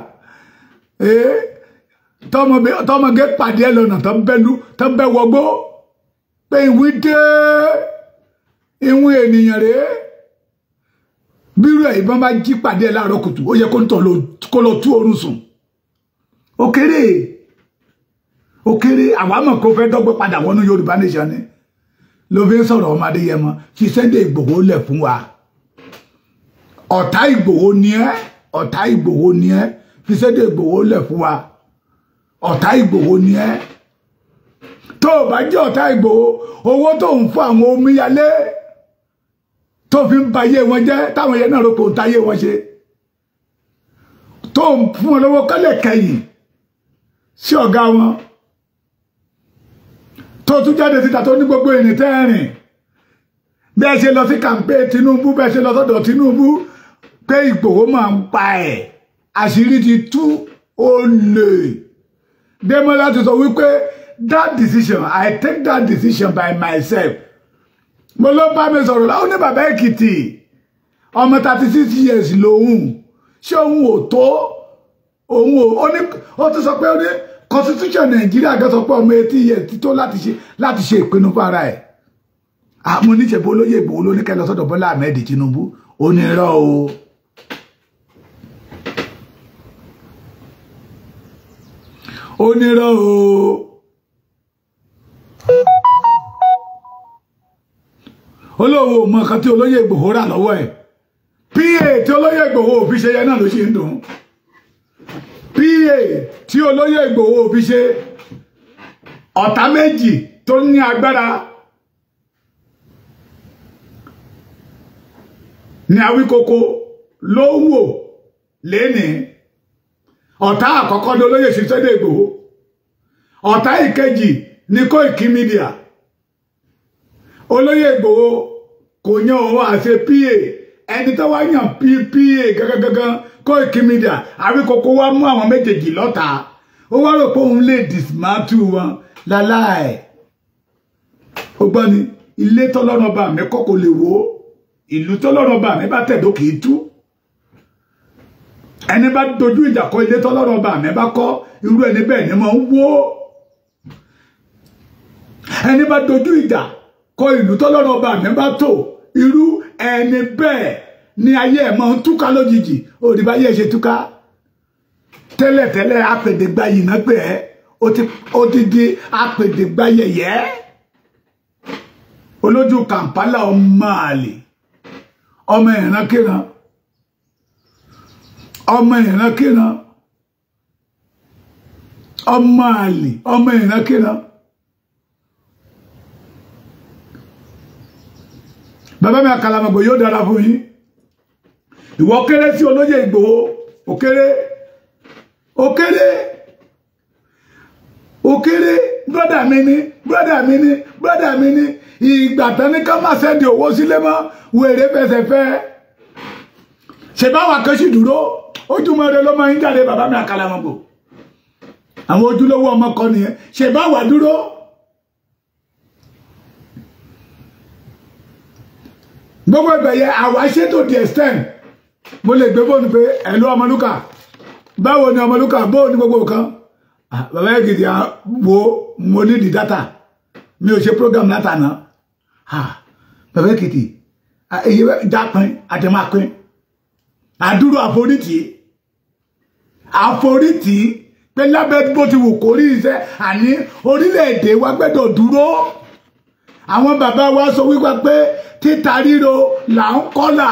tọmọge pàdé ẹ lọ́nà tó ń bẹ́lú tó ń bẹ́ wọgbó pé ìwí dé ìwí ènìyàn rèé bírú ẹ̀ ìbọn bá jí pàdé ẹ̀ láàárọ̀ kùtù ó yẹ kó ń tọ̀ kó lọ tú oorun sùn ó kéré ó kéré àwa mọ̀ kó fẹ́ dọ́gbẹ́ padà wọnú Yorùbá nation ni ló fi ń sọ̀rọ̀ ọmọ Adéyẹmọ fi Sunday Ìgbòho lẹ̀ fún wa ọ̀tá Ìgbòho ni ẹ́ ọ̀tá Ìgbòho ni ẹ́ fi Sunday Ìgbòho lẹ̀ fún wa ọ̀tá Ìgbòho ni ẹ́ tó o bá jẹ́ ọ̀tá Ìgbòho owó tó ń fún àwọn omíyalé tó fi ń ba ayé wọn jẹ́ táwọn yẹn náà rògbò ń ta ayé wọn ṣe tó ń fún wọn lọ́wọ́ kọ́lẹ̀ kẹyìn sí ọ̀gá tó tún jáde síta tó ní gbogbo ìrìn tẹ́rìn bẹ́ẹ̀ ṣe lọ sí kàǹpé Tinubu bẹ́ẹ̀ ṣe lọ sọ́dọ̀ Tinubu pé Ìgbòho máa ń pa ẹ̀ àṣírí ti tú ó lè Démọ́lá ti sọ wípé that decision I take that decision by myself mo ló bá mi sọ̀rọ̀ láwọn ní bàbá Èkìtì ọmọ thirty six years lòun ṣé òun ò tó òun ò ó ní ó tún sọ pé ó ní constitution nàìjíríà gan sọ pé ọmọ etí yẹ títọ́ láti ṣe láti ṣe ìpinnu fara ẹ̀ àmú ah, níṣẹ̀bó olóyè ìgbòho ló ní kẹ́ lọ sọ́dọ̀ bọ́lá ahmed tinubu ó ní irọ́ o. ó ní o. olówó mọ̀ kan tí olóyè ìgbòho rà lọ́wọ́ ẹ̀ pa tí olóyè ìgbòho òfin ṣe yẹn náà ló ṣe ń dùn. DA tí olóyè Ìgbòho òbí ṣe ọ̀tá méjì tó ní agbára ní Awíkókó ló ń wò lénìí ọ̀tá àkọ́kọ́ ní olóyè Sunday Ìgbòho ọ̀tá ìkejì ní Koiki Media olóyè Ìgbòho kò yan òun àṣẹ PA ẹni tó wá yàn PPA gangan Koiki Media àríkòkò wá mú àwọn méjèèjì lọ́ta ó wá rò pé òun lè dismantle wọn láláì ó gbọ́ ni ilé tọ́lọ́rọ̀ bá mi kọ́kọ́ lè wó ìlú tọ́lọ́rọ̀ bá mi bá tẹ̀dó kìí tú ẹni bá dojú ìjà kọ ilé tọ́lọ́rọ̀ bá mi bá kọ́ irú ẹni bẹ́ẹ̀ ni mo ń wó ẹni bá dojú ìjà kọ ìlú tọ́lọ́rọ̀ mi bá tò irú ẹni bẹ́ẹ̀ ni ayé ẹ̀ máa ń túká lójijì òrì báyé ẹ̀ ṣe túká tẹ́lẹ̀tẹ́lẹ̀ apèdègbàyì náà pè ẹ́ ó ti di apèdègbàyì ẹ̀yẹ́ olójú kàǹpálà ọmọ àlè ọmọ ìrankíran ọmọ ìrankíran ọmọ àlè ọmọ ìrankíran. bàbá mi àkàlà màgbò yóò dára fún yín ìwọ kéré sí olóyè Ìgbòho òkéré òkéré òkéré brọ́dà mi ni brọ́dà mi ni brọ́dà mi ni ìgbà tán ní ká má sẹ́ndì owó sílé mọ́ wèrè fẹsẹ̀ fẹ́ ṣèbáwá kan sì dúró ojúmọ́ rẹ ló máa ń jáde bàbá mi àkàlà màgbò àwọn ojúlówó ọmọ kan nìyẹn ṣèbáwá dúró. gbogbo ẹgbẹ yẹn àwa ṣètò the extent mo lè gbé fóònù pé ẹ̀lú ọmọlúkà báwo ni ọmọlúkà bóò ní gbogbo nǹkan bàbá Èkìtì wo mo ní di data mi ò ṣe program látànà bàbá Èkìtì èyí dápin àtẹmápin àdúró àforítì àforítì pé lábẹ́ bó ti wù kórí iṣẹ́ àní orílẹ̀-èdè wa gbẹ́dọ̀ dúró àwọn bàbá wa sọ wípé pé títa ríro là ń kọ́là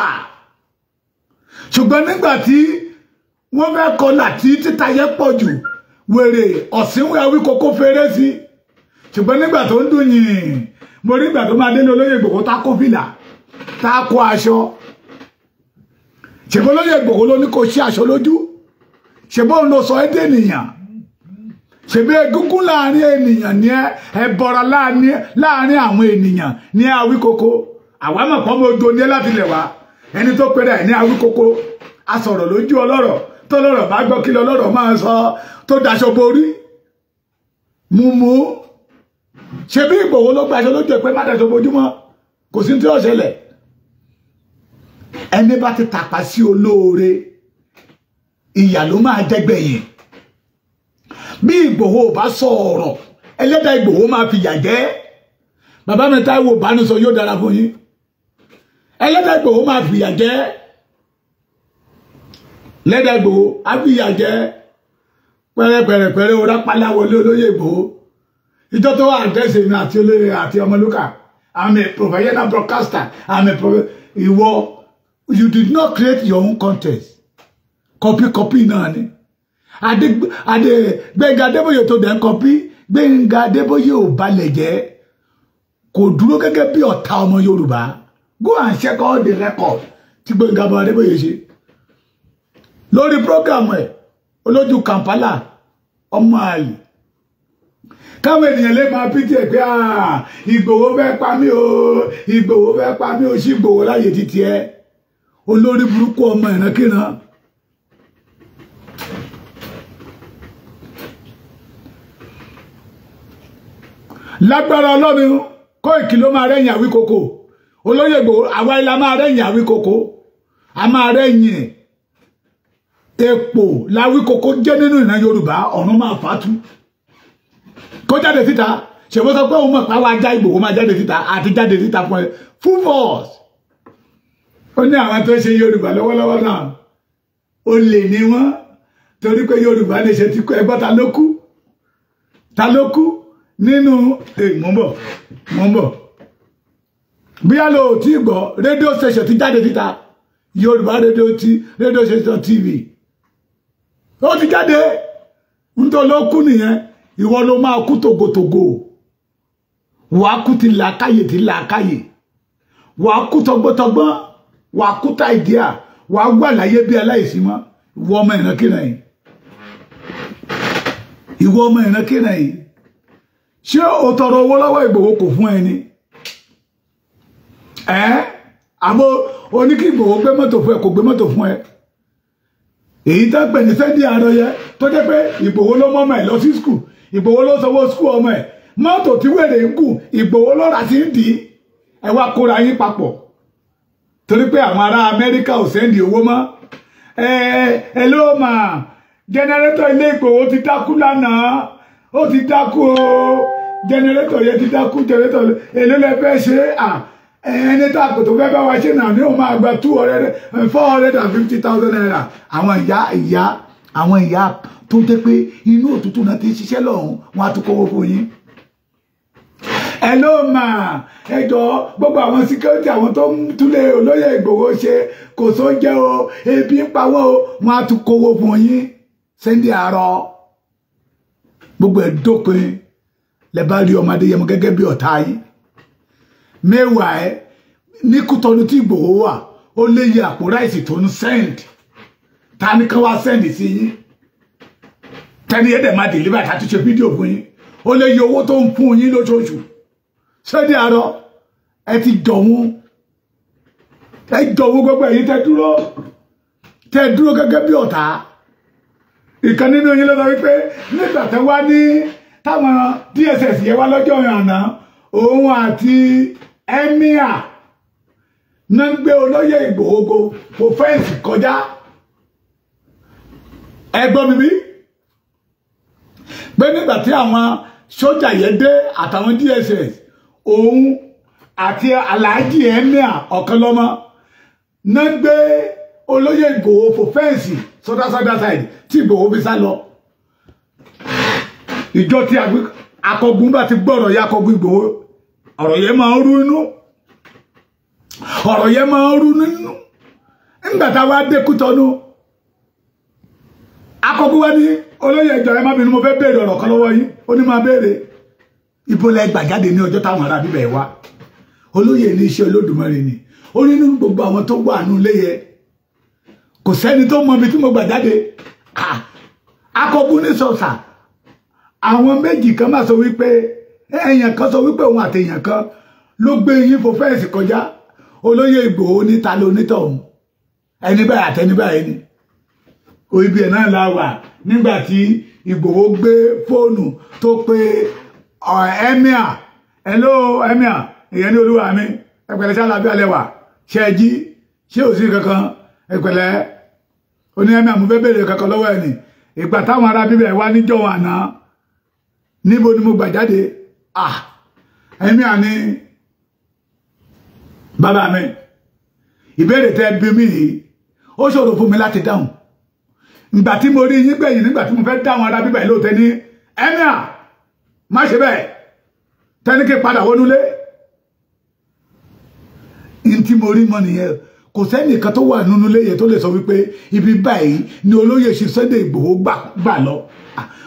ṣùgbọ́n nígbà tí wọ́n fẹ́ kọ́là tí títa yẹ pọ̀ jù wèrè ọ̀sìnwé awí kókó fèrè sí ṣùgbọ́n nígbà tó ń dùn yìnyín mo rí ìgbà tó máa délé olóyè Ìgbòho tá kó fìlà tá kó aṣọ ṣèbó olóyè Ìgbòho ló ní kó ṣí aṣọ lójú ṣèbó òun ló sọ ẹ́ dé nìyàn ṣèbí egúngún láàrin ènìyàn ni ẹ ẹbọra láàrin àwọn ènìyàn ní awíkoko àwa mọ̀ pọ́n mo jo ní ẹ láti lẹ̀ wá ẹni tó pera ẹ̀ koko, awíkoko asọ̀rọ̀ lójú ọlọ́rọ̀ tọ́lọ́rọ̀ bá gbọ́ kí lọ́lọ́rọ̀ máa sọ tó daṣọ borí mumu ṣebí Ìgbòho ló gbaṣọ lójú ẹ pé má daṣọ bojúmọ́ kò sí tí ó ẹni bá ti tàpá sí olóore ìyà ló máa jẹ́gbẹ̀yìn bí Ìgbòho ò bá sọ ọ̀rọ̀ ẹlẹ́dàá Ìgbòho máa fi yà jẹ́ bàbá mi Táíwò Bánisọ yóò dára fún yín ẹlẹ́dàá Ìgbòho máa fi yà jẹ́ lẹ́dàá Ìgbòho á fi yà jẹ́ pẹ́rẹ́pẹ́rẹ́pẹ́rẹ́ ó rápálá wọlé olóyè Ìgbòho ìjọ tó wà àdẹ́sẹ̀ mi àti olóyè àti Ọmọlúkà I'm a professional broadcaster I'm a professional ìwọ you did not create your own content copy copy náà ni. Adé Gbẹ́ngà Adébóyè tó dẹ̀ ń kọpí Gbẹ́ngà Adébóyè ò balẹ̀ jẹ́ kò dúró gẹ́gẹ́ bí ọ̀tá ọmọ Yorùbá go and check all the record tí Gbẹ́ngà Adébóyè ṣe lórí program ẹ̀ olójú Kampala ọmọ àlè káwọn ènìyàn lè máa pí tiẹ̀ pé ah, Ìgbòho fẹ́ pa mí o Ìgbòho fẹ́ pa mí o sí Ìgbòho láyé títí ẹ olórí burúkú ọmọ ìrankíran. lágbára ọlọ́run kó ìkìlọ́ máa rẹ̀yìn koko, olóyè gbòó àwa ilà máa rẹ̀yìn koko, a máa rẹ̀yìn epo láwíkoko jẹ́ nínú ìran yorùbá ọ̀run máa fàtú kó jáde síta ṣèwọ́n sọ pé òun mọ̀ pé àwọn ajá ìgbòho máa jáde síta àti jáde síta fún ẹ full force ó ní àwọn tó ṣe yorùbá lọ́wọ́lọ́wọ́ náà ó lè ní wọ́n torí pé yorùbá lè ṣe ti kú ẹgbọ́n ta ló kú ta ló kú nínú ìmúbọ̀ eh, múbọ̀ bí a lò tí gbọ́ rédíò station ti jáde síta yorùbá rédíò ti rédíò station tv ó ti jáde nítorí ó kú nìyẹn ìwọ ló máa kú tògòtògò wàá kú ti làákàyè ti làákàyè wàá kú tọgbọ́tọgbọ́n wàá kú ta ìdíà wàá wà láyé bí aláìsí mọ́ ìwọ ọmọ ìrankíran ìwọ ọmọ ìrankíran ṣé o tọrọ owó lọ́wọ́ Ìgbòho kò fún ẹni ẹ àmọ́ o ní kí Ìgbòho gbé mọ́tò fún ẹ kò gbé mọ́tò fún ẹ èyí tó pè ní Aroye tó jẹ́ pé Ìgbòho ló mọ́ ọmọ ẹ lọ sí skul Ìgbòho ló sanwó skul ọmọ ẹ mọ́tò tí wèrè ń kù Ìgbòho ló sí ń dì í ẹ wá kóra yín papọ̀ torí pé àwọn ará Amẹ́ríkà ò ti dákú lánàá ó ti dákú o. jẹnẹrétọ̀ yẹn ti dákú jẹnẹrétọ̀ èlé lẹ fẹ́ ṣe à ẹni tá a pètò fẹ́ bá wa ṣe náà ni ó máa gba two hundred four hundred and fifty thousand naira àwọn ìyá ìyá àwọn ìyá tó jẹ́ pé inú òtútù náà ti ń ṣiṣẹ́ lọ́hùn wọn á tún kówó fún yín hello ma ẹjọ gbogbo àwọn síkírọ́tì àwọn tó ń túlẹ̀ olóyè Ìgbòho ṣe kò sóúnjẹ o ebi ń pa wọ́n o wọ́n á tún kówó fún yín sẹ́ńdí àárọ̀ gbogbo ẹ̀ dópin lẹ bá rí ọmọ Adéyẹmọ gẹ́gẹ́ bí ọ̀tá yín ní Kútọ́nù tí Ìgbòho wà ó léye àpò ráìsì tó ń send ta ni kán wá send sí yín tẹni ẹ̀dẹ̀ máa deliver ta ti ṣe fídíò fún yín ó léye owó tó ń fún yín lóṣooṣù ṣédé àárọ̀ ẹ ti dọ̀wọ́n ẹ dọ̀wọ́n gbogbo ẹ̀yin tẹ dúró tẹ dúró gẹ́gẹ́ bí ọ̀tá ìkan nínú yín ló sọ wípé nígbà tẹ wá ní táwọn DSS yẹ wá lọ́jọ́ àná òun àti emir náà ń gbé olóyè Ìgbòho kò fẹ́ǹsì kọjá ẹgbọ́n mi bí pé nígbà tí àwọn sójà yẹn dé àtàwọn DSS òun àti aláàjì emir Ọ̀kanlọ́mọ náà gbé olóyè Ìgbòho kò fẹ́ǹsì sọdásọdá side tí Ìgbòho fi sá lọ ìjọ tí akọgun bá ti gbọ́rọ̀ yá akọgun Ìgbòho ọ̀rọ̀ yẹn máa ń rú inú ọ̀rọ̀ yẹn máa ń rú nínú nígbà tá a wá dé Kútọ́nù akọgun wa ní olóyè ìjọ ẹ má bínú mo fẹ́ béèrè ọ̀rọ̀ kan lọ́wọ́ yín ó ní máa béèrè ibo lẹ gbàjáde ní ọjọ́ táwọn ará bíbẹ̀ wá olóyè ní iṣẹ́ Olódùmarè ni ó ní nínú gbogbo àwọn tó wà nù lé yẹ kò sẹ́ni tó mọ ibi tí mo gbàjáde ah, akọgun ní sọ̀sà àwọn méjì kan máa sọ wípé èèyàn kan sọ wípé òun àti èèyàn kan ló gbé yín fo fẹ́ẹ̀sì kọjá olóyè Ìgbòho níta lónítọ̀ òun ẹni báyìí àtẹni báyìí ni ibi ẹ̀ náà la wà nígbà tí Ìgbòho gbé fóònù tó pe emir hello emir ìyẹn ní olúwa mi ẹ̀pẹ̀lẹ́ sálà bí alẹ́ wà ṣe é jí ṣé ò sí kankan ẹ̀pẹ̀lẹ́ oní emir mo fẹ́ bèrè kankan lọ́wọ́ ẹ̀ ní ìgbà táwọn ará bíbẹ̀ wá níjọ́ wọn àná níbo ni mo gbà jáde ah ẹ̀mí àní bàbá mi ìbéèrè tẹ́ bí mi yìí ó ṣòro fún mi láti dáhùn ìgbà tí mo rí yín gbẹ̀yìn nígbà tí mo fẹ́ dáhùn ara bíbẹ̀ lóòótẹ́ ní ẹ̀mí à má ṣe bẹ́ẹ̀ tẹ́níkì padà wọnúlé ní tí mo rí mọ́ nìyẹn kò sẹ́nìkan tó wà nínú léyẹ tó lè sọ wípé ibi báyìí ni olóyè ṣe Sunday Ìgbòho gbà lọ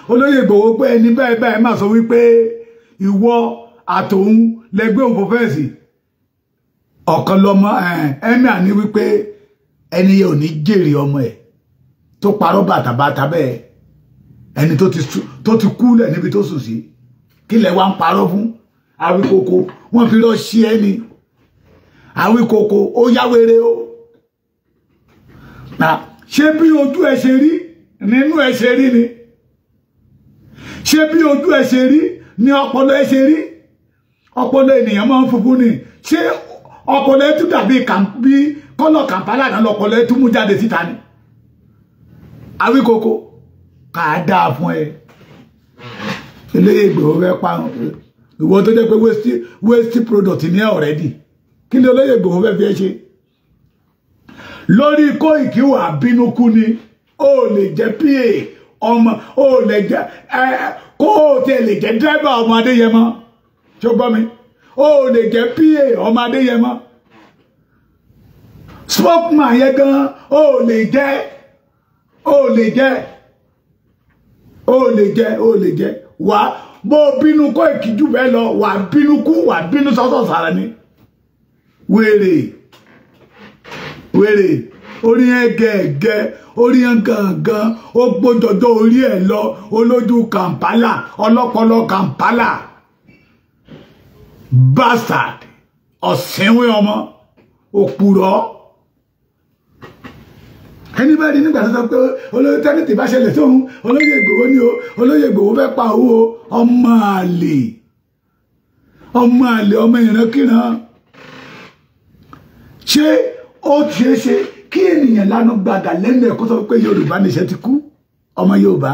olóyè Ìgbòho pé ẹni báyìí báyìí máa sọ wípé ìwọ àtòun lẹgbẹ́ òun fọ́fẹ́ẹ̀sì ọ̀kan lọmọ eh, emir ní wípé ẹni yẹn ò ní jèrè ọmọ ẹ̀ tó parọ́ bàtàbàtà bẹ́ẹ̀ ẹni tó ti kú lẹ̀ níbi tó sùn sí kí lẹ̀ wá ń parọ́ fún Awíkoko wọ́n fi lọ ṣí ẹni Awíkoko ó yáwèrè o ṣé bí ojú ẹ ṣe rí nínú ẹ ṣe rí ni ṣé bí ojú ẹ ṣe rí ni ọpọlọ ẹ ṣe rí ọpọlọ ènìyàn máa ń funfun ni ṣé ọpọlọ ẹ tún dàbí bí kọ́lọ̀ kàmpálà náà lọpọlọ ẹ tún mú jáde síta ni àwíkoko kà á dáa fún ẹ eléyè ìgbòho fẹ́ pa ìwọ tó jẹ́ pé waste product ní ẹ̀ already kí ni olóyè ìgbòho fẹ́ fi ẹ ṣe lórí kó ìkíwà bínú kú ni ó lè jẹ́ pa ọmọ ò lè jẹ ẹ kó o tẹ lè jẹ dírẹ́bà ọmọ Adéyẹmọ tí ó gbọ́ mi ò lè jẹ PA ọmọ Adéyẹmọ spokesman yẹn gan ò lè jẹ ò lè jẹ ò lè jẹ ò lè jẹ wà bó bínú kó ìkíjú bẹ́ẹ̀ lọ wà bínú kú wà bínú sọ́sọ̀ sára ni wèrè wèrè orí yẹn gẹ̀ẹ́gẹ́ orí yẹn gangan ó gbójọjọ orí ẹ̀ lọ olójú Kampala ọlọ́pọlọ Kampala bastard ọ̀sìnwé ọmọ òpùrọ́ anybody nígbà tó sọ pé olóyè tẹ́lẹ̀tì bá ṣẹlẹ̀ sóhun olóyè Ìgbòho ni o olóyè Ìgbòho fẹ́ pa owó ọmọ àlè ọmọ àlè ọmọ ìrankíran ṣé ó ṣeé ṣe kí ènìyàn lánú gbàgà lẹ́nu ẹ̀kọ́ sọ pé yorùbá nìṣẹ́ ti kú ọmọ yorùbá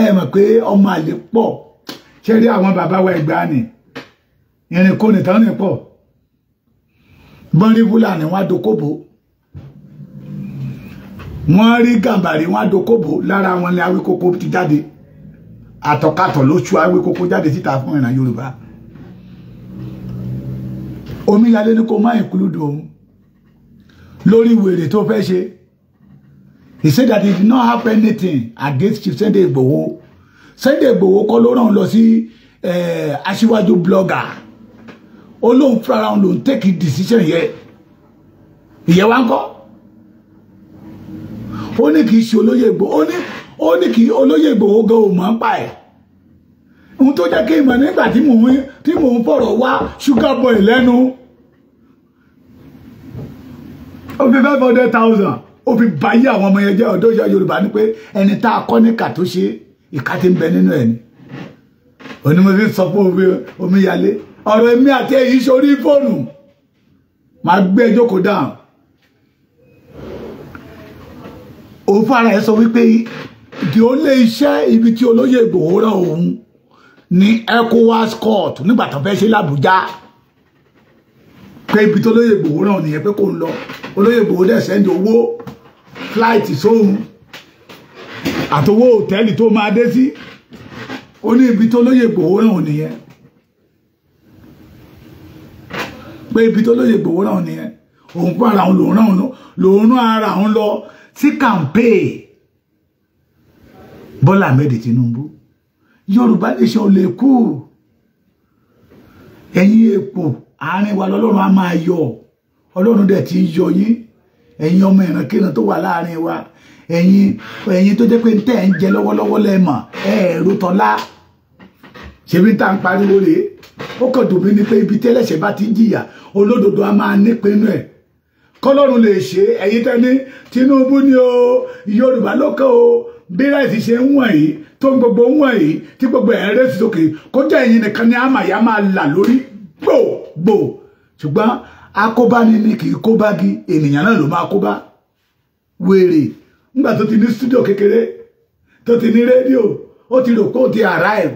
ẹ mọ̀ pé ọmọ àlè pọ̀ ṣe rí àwọn bàbá wa ẹgbẹ́ ni ìrìn kò nìtàn ní pọ̀ bọ́nrí fúlàní wọn adókòbó wọ́n rí gàmbàrí wọn adókòbó lára wọn ni awíkókó ti jáde àtọ̀kàtọ̀ ló ṣú awíkókó jáde síta fún ìran yorùbá omíyalé ni kò má ìkúlùdù òun lórí wèrè tó fẹ́ ṣe he said that it did not happen anything against Chief Sunday Igboho Sunday Igboho kọ́ ló ràn lọ sí eh, aṣíwájú blogger ó lóun fúnra òun lòun take a decision yẹ ìyẹn wá ń kọ́ ó ní kì í ṣe olóyè Igboho ó ní ó ní kì í olóyè Igboho gan ò mọ̀ ń pa ẹ̀ ohun tó jẹ́ kí n mọ̀ nígbà tí mò ń fọ̀rọ̀ wá sugar boy lẹ́nu ó fi five hundred thousand ó fi báyé àwọn ọmọ yẹn jẹ́ ọ̀dọ́ ìṣe yorùbá ni pé ẹni tá a kọ́ ní kà tó ṣe ìka ti ń bẹ nínú ẹ̀ ni onímọ̀fí sọ pé omi yalé ọ̀rọ̀ èmi àti èyí sórí fóònù máa gbé jókòó dáhùn òun fún ara ẹ sọ wípé di ó lé iṣẹ́ ibi tí olóyè Ìgbòho rán òun ní ECOWAS court nígbà tó fẹ́ ṣe l'Àbújá pé ibi tó lóyè Ìgbòho òun nìyẹn pé kò ń lọ olóyè Ìgbòho dẹ̀ sẹ́ndì owó fúláìtì sóhun àtowó òtẹ́ẹ̀lì tó máa dé sí ó ní ibi tó lóyè Ìgbòho ràn nìyẹn pé ibi tó lóyè Ìgbòho ràn nìyẹn òun kó ara òun lòun ràn lòun ràn ara òun lọ sí campaign Bọ́lá Ahmed Tinubu Yorùbá nation lè kú ẹ̀yin èpò àárín wa lọ́lọ́run á máa yọ ọlọ́run dẹ̀ ti ń yọ yín ẹ̀yin ọmọ ìrànkíran tó wà láàrin wa ẹ̀yin ẹ̀yin tó jẹ́ pé tẹ́ ẹ̀ ń jẹ lọ́wọ́lọ́wọ́ lẹ́ẹ̀mọ̀ ẹ̀ ẹ̀rọ tọ́lá ṣèbí tá à ń pariwo rèé ó kàn dùn mí ni pé ibi tẹ́lẹ̀ṣẹ̀ bá ti ń jìyà olódodo a máa nípinnu ẹ̀ kọ́lọ́run lè ṣe ẹ̀yin tẹ́ni Tinubu ni o Yorùbá lókè o bí ráìsì ṣe ń wọ̀n yìí tó ń gbogbo ń wọ̀n yìí tí gbogbo ẹ̀ rẹ́sì sókè kó jẹ́ ẹ̀yin nìkan ni àmàyà máa là lórí gbòògbò ṣùgbọ́n akóbáni ni kì í kóbá gi ènìyàn náà ló máa kóbá wèrè nígbà tó ti ní stúdíò kékeré tó ti ní rédíò ó ti rò pé ó ti arrive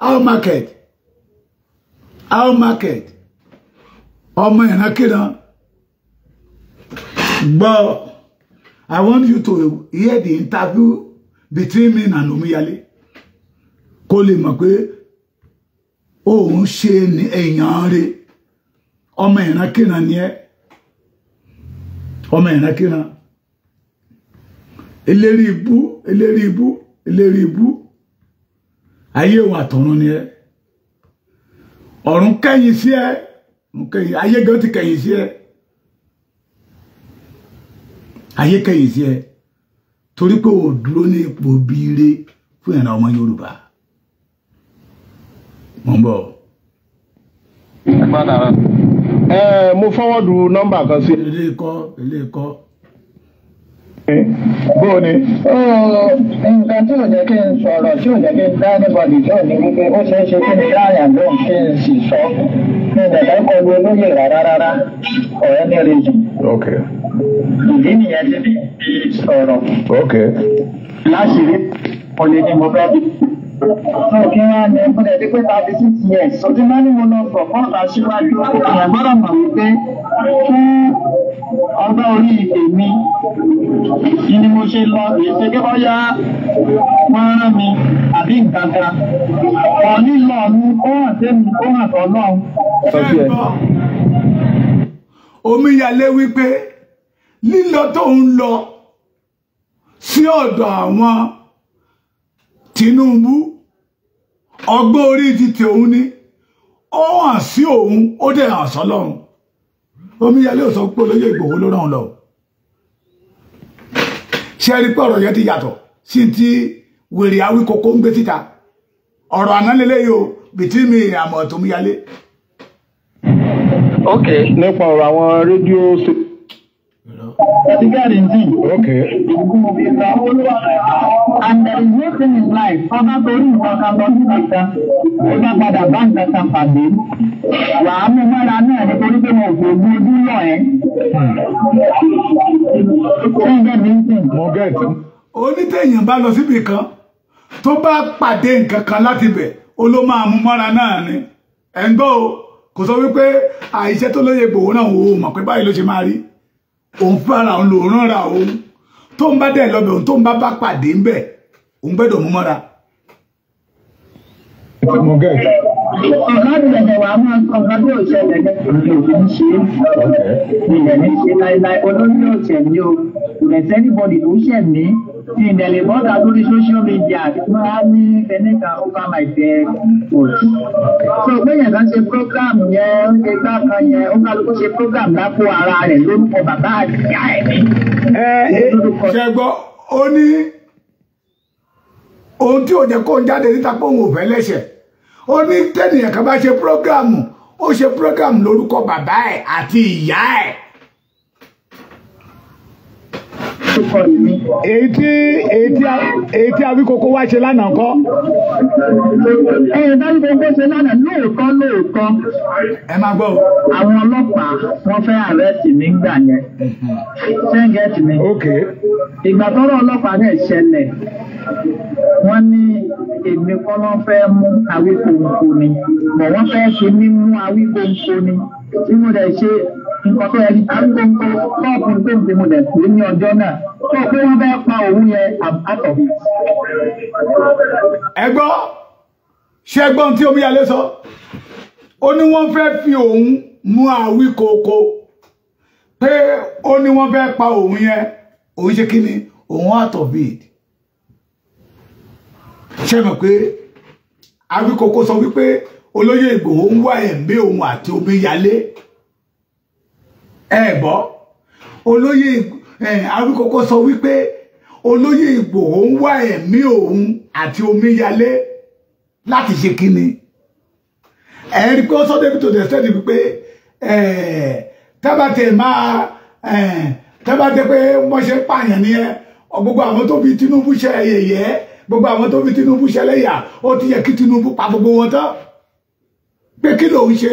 how market how market ọmọ ìrankíran gbọ́ I want you to hear the interview between me and Omiyale kó lè mọ̀ pé òun ṣe èèyàn rẹ̀. ọmọ ìran kíran ni ẹ ọmọ ìran kíran eléri ibu, eléri ibu, eléri ayé wà tọ̀run ẹ ọ̀run kẹ́yìn sí ẹ ayé gan ti sí ẹ ayé kẹ́yìn sí ẹ torí pé ò dúró ní ipò bíire fún ìran ọmọ Yorùbá ẹ mo fọwọ́dù nọ́mbà kan sí. ilé ikọ́ ilé ikọ́. Eh, bó ni. nǹkan tí ò jẹ́ kí n sọ̀rọ̀ tí ò jẹ́ kí n dá níbọ̀dì tí ò wípé ó ṣeé ṣe kí n dá àyàn lóhùn kí n sì sọ ní ìdàgbà kọlu olóyè rárá rárá ọ̀rẹ́ ní rèjì. ìdí nìyẹn ti fi sọ̀rọ̀. láṣìírí ọ̀sán òkè ńlá ni mo lè dé pé thirty six years ọdún mẹ́rin mo lọ bọ̀ fún ọ̀gá síwájú èèyàn gbọ́dọ̀ mọ̀ wípé fún ọgbà orí èmi ni mo ṣe lọ èsì kí wọ́n yá wọ́n rán mi àbí nǹkan kan ọ̀ nílò mi ó hàn sẹ́mi ó hàn tọ́ náà. omíyalé wípé lílọ tó ń lọ sí ọ̀dọ̀ àwọn Tinubu ọgbọ́n orí ti tè òun ni ó hàn sí òun ó dẹ̀ hàn sọ́lọ́run omíyalé ò sọ pé olóyè Ìgbòho ló ràn lọ ṣe rí pé ọ̀rọ̀ yẹn ti yàtọ̀ sí ti wèrè awíkoko ń gbé síta ọ̀rọ̀ àná lélẹ́yìí o between me and omíyalé. ok nípa ọ̀rọ̀ àwọn rédíò. That again indeed. Okay. And there is nothing in life. Ọba torí nǹkan kan lọ sí ìta. Ó bá padà bá nǹkan kan pàdé. Wà á mú mọ́ra náà nítorí pé mo kò gbé ojú lọ ẹ̀. Ṣé ẹ mi ń sìn? Mo gẹ̀ẹ́sì. Onítẹ̀yìn bá lọ síbì kan tó bá pàdé nǹkan kan láti bẹ̀ ó ló máa mú mọ́ra náà ni. Ẹ̀ ń gbọ́ o, kò sọ wípé àìṣẹ́ tó lóye gbòòrán òun ò mọ̀ pé báyìí ló ṣe máa rí òun fúnra òun lòun ránra òun tó ń bá dẹ̀ lọ́bẹ̀ òun tó ń bá bá pàdé ń bẹ̀ òun gbẹ́dọ̀ mú mọ́ra. Nǹkan gbẹ̀dẹ̀ wà máa ń sọ nǹkan bí òṣèlè ní ìlú ṣe é. Ìjẹ̀ ní ṣe láéláé olórí òṣèlè o. Ìrẹsẹ́ níbọ̀dì ló ṣẹ̀ mí ìdẹ̀lẹ̀ bọ́ta lórí social media wá ní ẹnìkan over my dead post. so gbẹ̀yìn kan ṣe program yẹn ṣe gbà kan yẹn ó kálukú ṣe program lápò ara rẹ̀ lórúkọ bàbá àtìyá ẹ̀ mi. ẹ ẹ ṣe gbọ́ ó ní ohun tí ò jẹ́ kó ń jáde níta pé òun ò fẹ́ lẹ́sẹ̀ ó ní tẹ́nìyàn kan bá ṣe program ó ṣe program lórúkọ bàbá ẹ̀ àti ìyá ẹ̀. èyí tí èyí tí èyí tí Awíkókó wá ṣe lánàá ńkọ́. ẹ̀yìn dájú gbogbo ṣe lánàá lóòótọ́ lóòótọ́. ẹ máa gbọ́. àwọn ọlọ́pàá wọ́n fẹ́ àrẹ́sì mi gbà yẹn. sẹ́ńgẹ̀tì mi. ok. ìgbà tọ́rọ̀ ọlọ́pàá náà ṣẹlẹ̀ wọ́n ní èmi kọ́ ló fẹ́ mú Awíkókó ni bọ̀ wọ́n fẹ́ ṣe mímú Awíkókó ni tí mo dẹ̀ ṣe nǹkan tó ẹni tó ń gbọ́ tọ́ọ̀pù tó ń gbé mu dẹ̀ sí ní ọjọ́ náà tó pé bá pa òun yẹn àtọ̀. ẹ gbọ́ ṣé ẹ gbọ́n tí omíyalé sọ ó ní wọ́n fẹ́ fi òun mú Awíkòkó pé ó ní wọ́n fẹ́ pa òun yẹn òun ṣe kí ni òun àtọ̀ ṣe mọ̀ pé Awíkòkó sọ wípé olóyè Ìgbòho ń wá ẹ̀mí òun àti omíyalé ẹ gbọ́ olóyè Awíkókó sọ wípé olóyè Ìgbòho ń wá ẹ̀mí òun àti omíyalé láti ṣe kíni ẹ rí pé ó sọ débi tó dẹ̀ sẹ́ni wípé tábàtẹ̀ máa tábàtẹ̀ pé wọ́n ṣe pààyàn nìyẹn gbogbo àwọn tó fi Tinubu ṣe yẹ̀yẹ́ gbogbo àwọn tó fi Tinubu ṣe lẹ́yà ó ti yẹ kí Tinubu pa gbogbo wọn tán pé kí lòun ṣe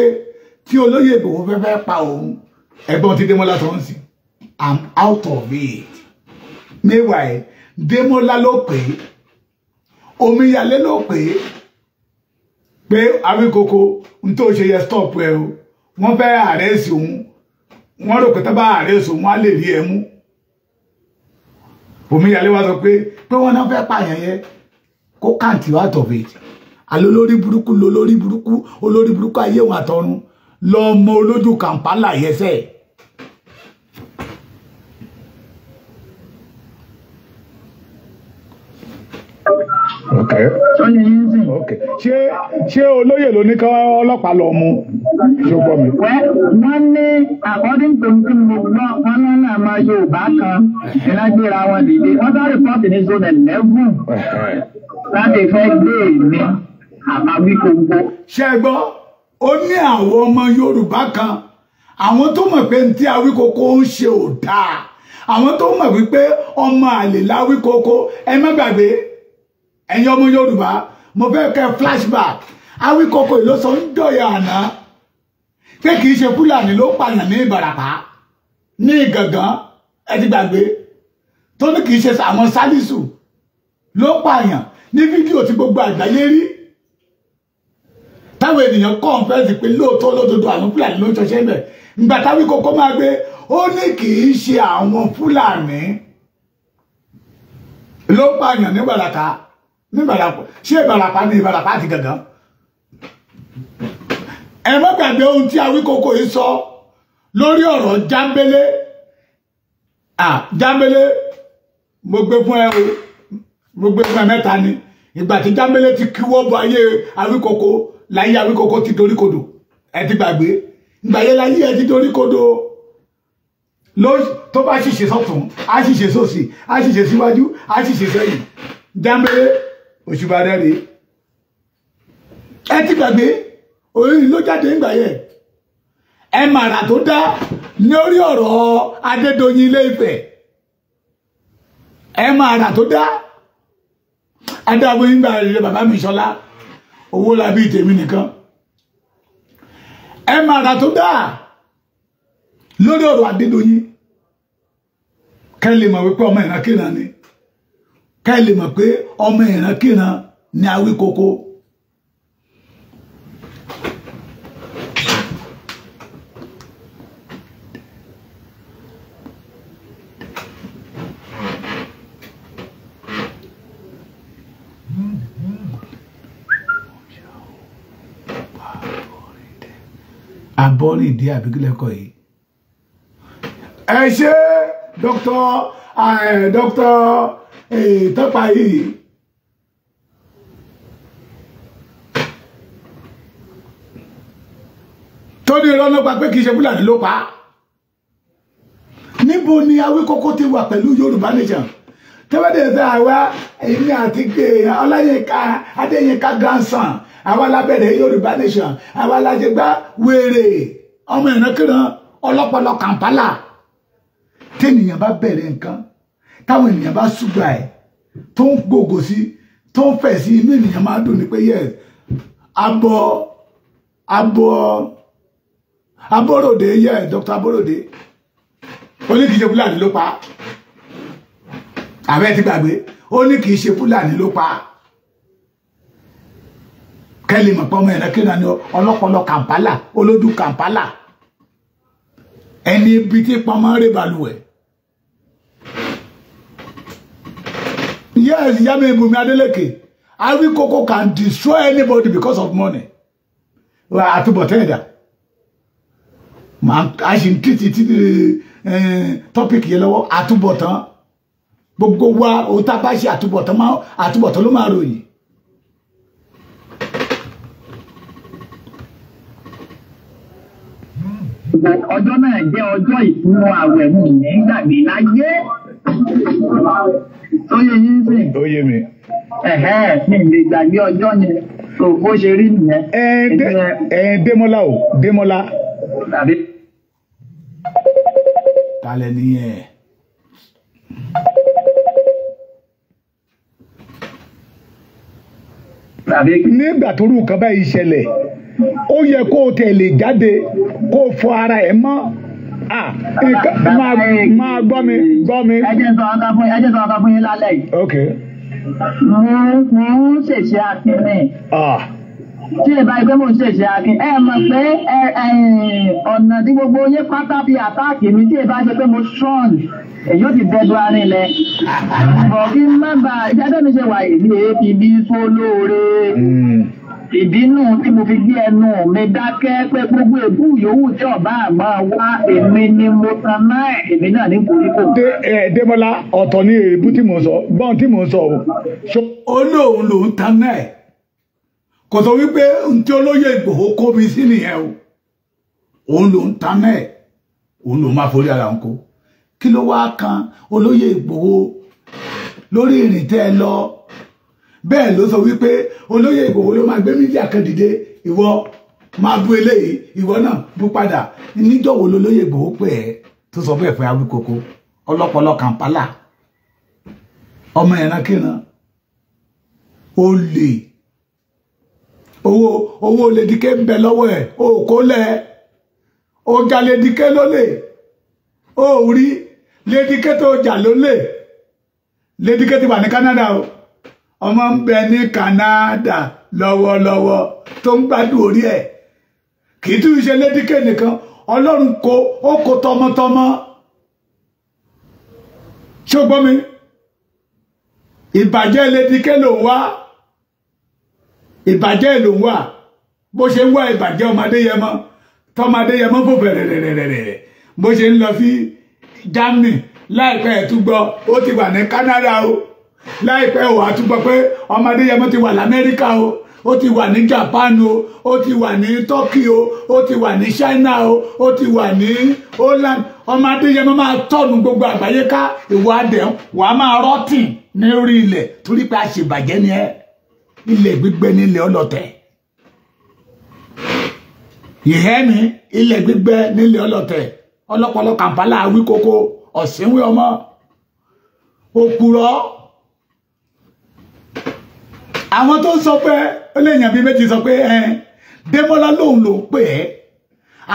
tí olóyè Ìgbòho fẹ́ fẹ́ pa òun ẹ̀gbọ́n tí Demola tó ń sìn i'm out of it meanwhile Demola ló pè é omíyalé ló pè é pé awíkoko n tó ṣe yẹ stop ẹ o wọ́n fẹ́ àrẹ́sì òun wọ́n rò pé tá bá àrẹ́sì òun á lè rí ẹ mú omíyalé wa sọ pé pé wọ́n náà fẹ́ pààyàn yẹn kó kàǹtì out of it alólórí burúkú lólórí burúkú olórí burúkú ayé òun àtọ̀run lọ́mọ olójú kàǹpálà yẹsẹ̀ sọ́ni yín sì. ṣé ṣé olóyè ló ní káwọn ọlọ́pàá lọ mú ṣó gbọ́ mi. wọ́n ní according to tí mo gbọ́ wọn náà náà máa Yorùbá kan ìlágbéra wọn dìde wọ́n sá rìpọ́ọ̀tì ní zone eleven láti fẹ́ gbé èmi àbáwí kóńgó. ṣé ẹ gbọ́ ó ní àwọn ọmọ Yorùbá kan àwọn tó mọ̀ pé ntí awíkókó ń ṣe ò dáa àwọn tó mọ̀ wípé ọmọ àlè láwíkókó ẹ má gbàgbé ẹ̀yin ọmọ Yorùbá mo fẹ́ kẹ́ flashback Awíkọ́kọ́ ló sọ ń dọ̀yà àná pé kì í ṣe Fúlàní ló pààyàn ní Ìbàràpá ní Ìgàngán ẹ ti gbàgbé tó ní kì í ṣe àwọn Sálísù ló pààyàn ní fídíò tí gbogbo àgbáyé rí táwọn ènìyàn kọ́ńfẹ́sì pé lóòótọ́ lódodo àwọn Fúlàní ló ń ṣọṣẹ́ bẹ̀ ìgbà táwíkọ́kọ́ máa gbé ó ní kì í ṣe àwọn Fúlàní ló pààyàn ní Ìbàràpá ní ìbàràpá ṣé ìbàràpá ní ìbàràpá àti gàngán ẹ má gbàgbé ohun tí Awíkókó yìí sọ lórí ọ̀rọ̀ jámbélé jámbélé mo gbé fún ẹ o mo gbé fún ẹ mẹ́ta ni ìgbà tí jámbélé ti kíwọ́ bọ ayé Awíkókó láyé Awíkókó ti dorí kodò ẹ ti gbàgbé ìgbà yẹn láyé ẹ ti dorí kodò tó bá ṣìṣe sọ́tún á ṣìṣe sósì á ṣìṣe síwájú á ṣìṣe sẹ́yìn jámbélé òṣùbà rẹ̀ rèé ẹ ti gbàgbé òyìn ló jáde ńgbà yẹn ẹ màrà tó dá ní orí ọ̀rọ̀ Adédoyin Ilé Ifẹ̀ ẹ màrà tó dá adáboyún gbà rẹ bàbá mi sọlá owó labí tèmi nìkan ẹ màrà tó dá lórí ọ̀rọ̀ Adédoyin kẹ́ mọ̀ wípé ọmọ ìrákìrà ni ká lè mọ̀ pé ọmọ ìrankíran ni Awíkoko. abọ́rìndé àbíkílẹ́kọ̀ yìí. ẹ ṣe dr dr tán parí. tó ní irọ́ náà pa pé kì í ṣe fúlàní ló pa á níbo ni Awíkókó ti wà pẹ̀lú Yorùbá nation tẹ́wọ́dẹ̀ fẹ́ àwa èmi àti Ọláyínká Adéyínká grandson àwa lábẹ̀rẹ̀ Yorùbá nation àwa lájẹgbá wèrè ọmọ ìrànkìrán ọlọ́pọlọ Kampala tẹ́nìyàn bá bẹ̀rẹ̀ nǹkan táwọn ènìyàn bá ṣùgbà ẹ̀ tó ń gbògò sí tó ń fẹ̀ sí inú ènìyàn máa dùn ní pé yes abọ́ abọ́ abọ́ròdé yes Dr. abọ́ròdé ó ní kì í ṣe Fúlàní ló pa ààrẹ ti gbàgbé ó ní kì í ṣe Fúlàní ló pa kẹ́lì mọ̀pọ̀ ọmọ ẹ̀rọ kí ni ọlọ́pọlọ Kampala olódù Kampala ẹni ibi tí pọnmọ́ rè balùwẹ̀ Yes, Yemi Bumi Adeleke. Harvey Koko can destroy anybody because of money. Well, àtúbọ̀tán ẹ̀dá. A ṣì ń títí títí tọ́pìkì yẹn lọ́wọ́ àtúbọ̀tán. Gbogbo wa ohun tá a bá ṣe àtúbọ̀tán máa àtúbọ̀tán ló máa ròyìn. Ọjọ́ náà jẹ́ ọjọ́ ìfúnnu àwẹ̀ mi nígbàgbé láyé ó yẹ yín sìn. ó yé mi. ẹ̀hẹ́ mi lè gbàgbé ọjọ́ yẹn tó bó ṣe rí nìyẹn. ẹ ẹ Démọ́lá o Démọ́lá. tàbí. kalẹ̀ nìyẹn. nígbà tó rú nǹkan báyìí ṣẹlẹ̀ ó yẹ kó o tẹ̀lé jáde kó o fọ ara ẹ̀ mọ́. Ah, máa gbọ́ mi gbọ́ mi. ẹ jẹ́ sọ ọ̀gá fún yín ẹ jẹ́ sọ ọ̀gá fún yín lálẹ́ yìí. ok. mo ń ṣèṣe akin ní. Ah. tí lè báyìí pé mo ń ṣèṣe akin ẹ mọ̀ pé ọ̀nà tí gbogbo yín pátá bíi àtáàkì mi tí lè bá ṣe pé mo strong èyí ó ti dẹ́dọ̀ arin lẹ. bọ̀ kí n má bàa ìjáde mi ṣe wà èmi èé fi bí sólóore. Hmm ìdínú tí mo fi gbé ẹnu mi dákẹ́ pé gbogbo ègún yòówù tí ọba àgbà wá èmi ni mo tan náà èmi náà ní koríko. dé ẹ Démọ́lá ọ̀tọ̀ ni èébú tí mò ń sọ bọ́n tí mò ń sọ o. ó lóun lòún tan náà kò sọ wípé ntí olóyè Ìgbòho kó mi sí nìyẹn o òun lòún tan náà òun lòún máa forí ara òun kó kí ló wáá kan olóyè Ìgbòho lórí ìrìn lọ bẹ́ẹ̀ ló sọ wípé olóyè Ìgbòho ló máa gbé mídíà kan dìde ìwọ máa bú eléyìí ìwọ náà bú padà níjọ́ wo lolóyè Ìgbòho pè ẹ́ tó sọ bẹ́ẹ̀ fún Awíkoko ọlọ́pọlọ Kampala ọmọ ìrankíran olè owó owó olédìké ń bẹ lọ́wọ́ ẹ̀ òkólẹ̀ ọjà lédìké lólè òórí lédìké tó jà lólè lédìké ti wà ní Canada o ọmọ ń bẹ ní Canada lọ́wọ́lọ́wọ́ tó ń gbádùn orí ẹ̀ kì í tún ṣe lédíkè nìkan ọlọ́run kó ó kó tọmọtọmọ ṣé o gbọ́ mi ìbàjẹ́ lédíkè ló ń wá ìbàjẹ́ ló ń wá bó ṣe ń wá ìbàjẹ́ ọmọdé yẹn mọ́ tọmọdé yẹn mọ́ fò bẹ̀rẹ̀rẹ̀rẹ̀rẹ̀ bó ṣe ń lọ sí Germany láìpẹ́ ẹ̀ tún gbọ́ ó ti wà ní Canada o. láìpẹ́ ò àtúgbọ́ pé ọmọ Adéyẹmọ ti wà l'Amẹ́ríkà o ó ti wà ní Japan o ó ti wà ní Turkey o ó ti wà ní China o ó ti wà ní Holland ọmọ Adéyẹmọ máa tọ̀nù gbogbo àgbáyé ká ìwà dẹ̀ wà á máa rọ́tìn ní orí ilẹ̀ torí pé àṣebàjẹ́ ni ẹ ilẹ̀ gbígbẹ ní ilẹ̀ ọlọ́tẹ̀ ìhẹ́ ni ilẹ̀ gbígbẹ nílẹ̀ ọlọ́tẹ̀ ọlọ́pọ̀lọ́ Kampala wí kókó ọ̀sìnwé ọmọ òpùrọ́ àwọn tó ń sọ pé ó lè yàn bí méjì sọ pé ẹ Dẹ́mọ́lá lòun ló pè é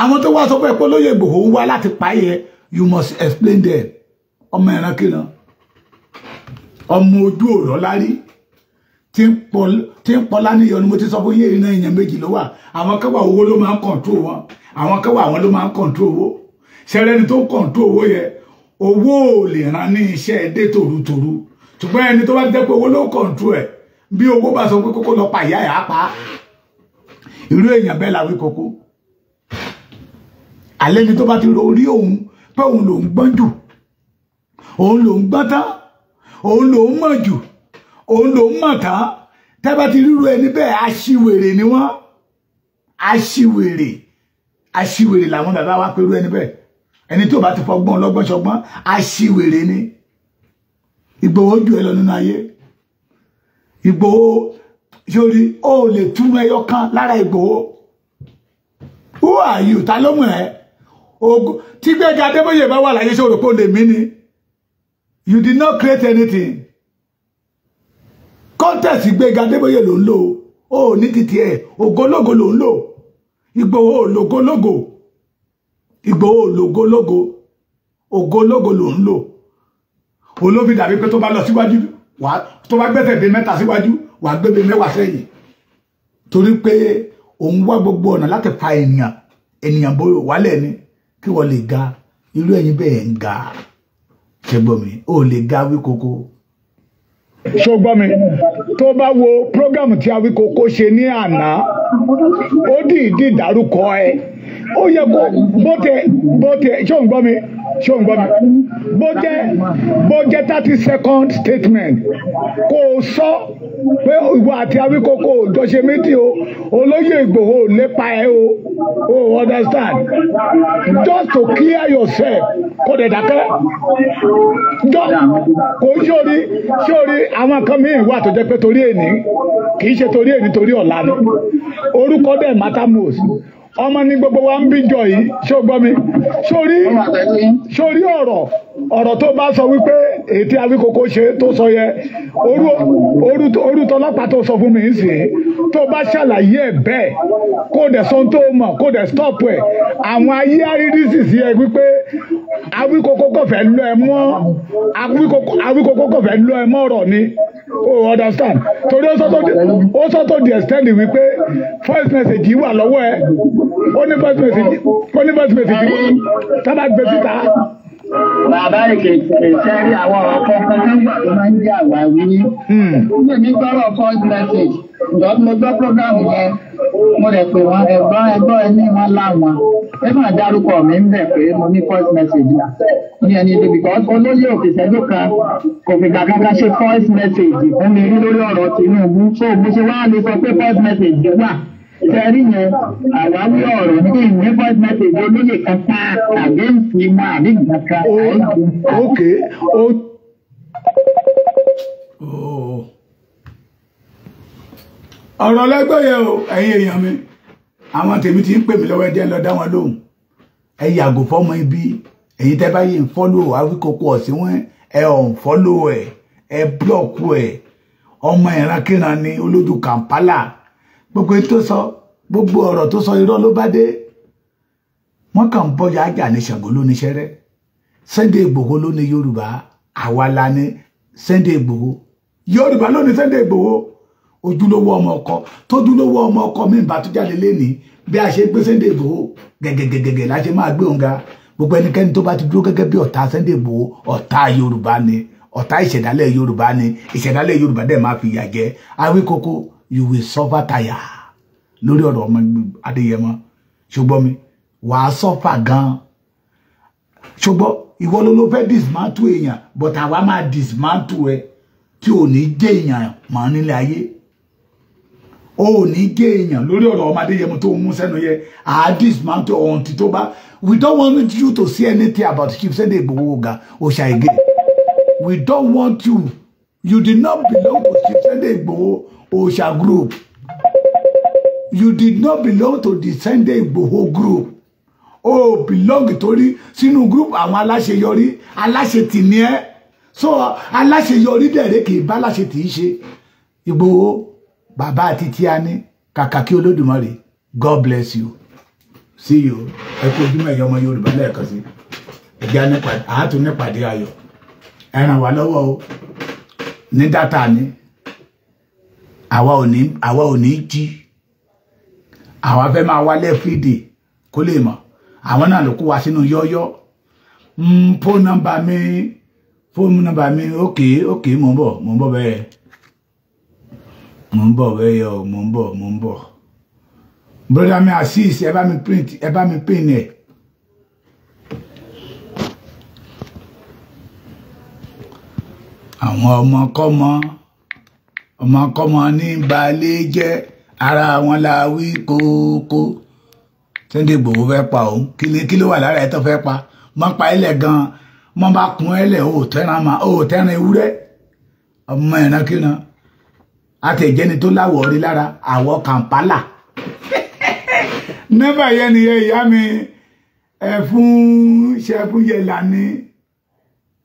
àwọn tó wá sọ pé polóyè Ìgbòho wá láti páyẹ you must explain them ọmọ ẹran kìnnà ọmọ ojú ọ̀rọ̀ lárí tí ń pọlá níyọ ni mo ti sọ fún yéèrè náà èèyàn méjì ló wà àwọn kẹwàá owó ló máa ń kọ̀ǹtró wọn àwọn kẹwàá àwọn ló máa ń kọ̀ǹtró owó ṣẹlẹ́ni tó ń kọ̀ǹtró owó yẹ owó ò lè ran ní iṣẹ́ dé tòrutòru ṣùgbọ́n ẹni tó bá jẹ́ owó ló kọ̀ǹtró ẹ̀ bí owó bá sọ pé kókó lọ pa ìyá ẹ̀ pa irú èèyàn bẹ́ẹ̀ làwí kókó alẹ́ ni tó bá ti ro orí òun pé òun lòún gbọ́n jù òun lòún gbọ́n tán òun lòún mọ̀ jù òun lòún mọ̀ tán tẹ́ bá ti ríru ẹni bẹ́ẹ̀ aṣiwèrè ni wọ́n aṣiwèrè aṣiwèrè làwọn bàbá wa pẹ̀lú ẹni bẹ́ẹ̀ ẹni tó bá ti fọgbọ́n lọ́gbọ́n ṣọgbọ́n aṣiwèrè ni Ìgbòho jù ẹ lọ nínú ayé Ìgbòho sórí ó lè túnú ẹyọ kan lára Ìgbòho who are you ta ló mọ̀ ẹ́ ogun tí Gbẹ́ngà Adébóyè bá wà láyé sọ̀rọ̀ pé ó lè mí ni you did not create anything contest Gbẹ́ngà Adébóyè ló ń lò ó ní títí ẹ̀ ògólógo ló ń lò Ìgbòho lògólógo Ìgbòho lògólógo ògólógo ló ń lò olóbi dàbí pé tó bá lọ síwájú wà tó bá gbẹ́sẹ̀ dé mẹ́ta wa wà gbẹ́bẹ̀ mẹ́wàá sẹ́yìn torí pé òun wá gbogbo ọ̀nà láti fa ènìyàn ènìyàn bó wálẹ̀ ni kí wọ́n lè ga irú ẹ̀yin bẹ́ẹ̀ ń ga mi ò lè ga wí koko ṣùgbọ́n mi tó bá wo program tí Awikoko ṣe ní àná ó dìídì dárúkọ ẹ ó yẹ kó bó tẹ bó tẹ ṣùgbọ́n mi ṣé o ń gbọ́ mi bó jẹ́ bó jẹ́ thirty second statement kò sọ pé ìwọ àti Awíkókó òjọṣe méjì o olóyè Ìgbòho ò lépa ẹ o o understand just to clear yourself kò dẹ̀ dákẹ́ just kò sórí sórí àwọn kan mí ìwà tó jẹ́ pé torí èní kì í ṣe torí èní torí ọ̀la ni orúkọ dẹ̀ matter most ọmọ ní gbogbo wa ń bí jọ yìí ṣó gbọ́ mi sórí sórí ọ̀rọ̀ ọ̀rọ̀ tó bá sọ wípé ètí awíkoko ṣe tó sọ yẹ orú tọlọ́pàá tó sọ fún mi sí tó bá ṣàlàyé ẹ̀ bẹ́ẹ̀ kó dẹ̀ sọ tó mọ̀ kó dẹ̀ stop ẹ̀ àwọn ayé àrírísì sí ẹ wípé awíkoko kò fẹ́ lọ ẹ mọ́ awíkoko kò fẹ́ lọ ẹ mọ́ ọ̀rọ̀ ni o understand torí ó sọ tó di extend wípé first message yìí wà lọ́wọ́ ẹ ó ní first message ó ní first message tábà gbé síta. Bàbá ìkẹ̀kẹ̀rẹ̀ àwọn ọ̀rọ̀ kọ̀ọ̀kan nígbà máa ń jẹ́ àwárí. Hmm. Ó gbè mí gbọ́rọ̀ voice message. Ǹjọ́ mo gbọ́ program yẹn, mo rẹ̀ pé wọ́n ẹ̀gbọ́n ẹgbọ́n ẹni wọn láwọn. Ẹ máa dárúkọ mi ń pé mo ní message ẹni olóyè kan kò ṣe message fún lórí ọ̀rọ̀ Tinubu. Ṣé o mo ṣe wá sẹ́rí yẹn àwáwí ọ̀rọ̀ ní ìwé message olóyè kan àgẹ́ǹsì mọ́ àbí nǹkan kan ọ̀rọ̀ lẹ́gbẹ́ yẹn o ẹ̀yin èèyàn mi àwọn tèmi ti ń pè mí lọ́wọ́ lọ dá ẹ yàgò fọmọ ibi ẹ̀yin tẹ́ bá yìí ń ọ̀sìn wọn ẹ gbogbo tó sọ gbogbo ọ̀rọ̀ tó sọ irọ́ ló bá dé wọ́n kàn ń bọ́yá àjà ní Ṣàngó ló ní ṣẹ́rẹ́ Sunday Ìgbòho ló ní Yorùbá àwa la ní Sunday Ìgbòho Yorùbá ló ní Sunday Ìgbòho ojúlówó ọmọ ọkọ ọmọ ọkọ mi tó jáde bí a ṣe gbé Sunday la ṣe máa gbé gbogbo ẹnikẹ́ni tó bá ti dúró gẹ́gẹ́ bí ọ̀tá Sunday ọ̀tá Yorùbá ni ọ̀tá ìṣẹ̀dálẹ̀ Yorùbá ni ìṣẹ̀dálẹ̀ Yorùbá dẹ̀ máa fi you will suffer tire lórí ọ̀rọ̀ ọmọ Adéyẹmọ ṣùgbọ́n mi wàá suffer gan-an ṣùgbọ́n ìwọ ló ló fẹ́ dismantle èèyàn but àwa máa dismantle ẹ tí ò ní jẹ́ èèyàn mọ́ nílé ayé o ò ní jẹ́ èèyàn lórí ọ̀rọ̀ ọmọ Adéyẹmọ tó mú sẹ́nu yẹ àá dismantle ọ̀hún ti tó bá we don't want you to see anything about Chief Sunday Igboho ga oṣà ege we don't want you you did not belong to Chief Sunday Igboho Osha group. You did not belong to the Sunday Igboho group. Oh, belong to the Sinu group àwọn aláṣeyọrí aláṣetì ni ẹ́. So aláṣeyọrí dẹ̀rẹ́ kì í bá aláṣetì í ṣe. Ìgbòho Baba àti tíá ní kàkà kí Olódùmarè. God bless you. See you. Ẹ kú ojúmọ́ ẹ̀yọ́ ọmọ Yorùbá lẹ́ẹ̀kan sí. Ẹ̀já nípàdé àátún nípàdé ayọ̀. Ẹ ràn wá lọ́wọ́ o. Ní dátà ni àwa ò ní àwa ò ní jí àwa fẹ́ máa wálé everyday kó lè mọ̀ àwọn náà ló kó wa sínú yọ́yọ́ fóònù hmm, nọ́mbà mi fóònù nọ́mbà mi ókè ókè mò ń bọ̀ mò ń bọ̀ bẹ́ẹ̀ mò ń bọ̀ bẹ́ẹ̀ yọ mò ń bọ̀ mò ń bọ̀ broda mi assist ẹ bá mi print ẹ bá mi pin ẹ. àwọn ọmọ kọ́ mọ́ ọmọkọ́mọ ní balẹ̀ jẹ́ ara wọn la wí kókó Sunday Igboho fẹ́ pa òun kí ló wà lára ẹ̀ tó fẹ́ pa mọ́ pa ilẹ̀ gan-an mọ́ bá kun ẹlẹ̀ ò tẹ́ran ma ò tẹ́ran ewúrẹ́ ọmọ ẹ̀ràn kíran àtẹ̀jẹ́ni tó láwọ̀ rí lára àwọ̀ kàǹpálà nọ́mbà yẹn nìyẹn ìyá mi ẹ fún ṣẹ́fún yẹlà ni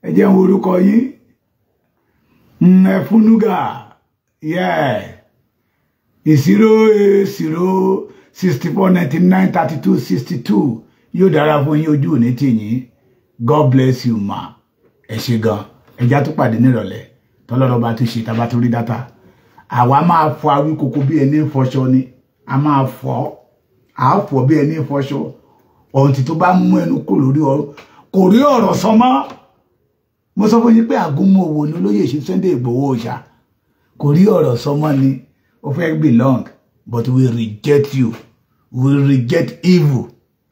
ẹ jẹ́ ń orúkọ yín ẹ fún núgà. Yeah. The 0 0 64 99 32 62 yóò dára fún yín ojú òní tì yín. God bless you ma. Ẹ ṣe gan. Ẹja tó pàdé nírọ̀lẹ́. Tọ́lọ́rọ̀ bá tún ṣe tábà tó rí dátà. Àwa máa fọ awíkoko bí ẹni ń fọṣọ ni. A máa fọ. A fọ bí ẹni ń fọṣọ. Ọ̀hún ti tó bá mú ẹnu kò lórí ọ̀rọ̀. Kò rí ọ̀rọ̀ sọ mọ́. Mo sọ fún yín pé àgúnmu òwò ni kò rí ọ̀rọ̀ sọmọ ni ó fẹ́ belong but we reject you we reject evil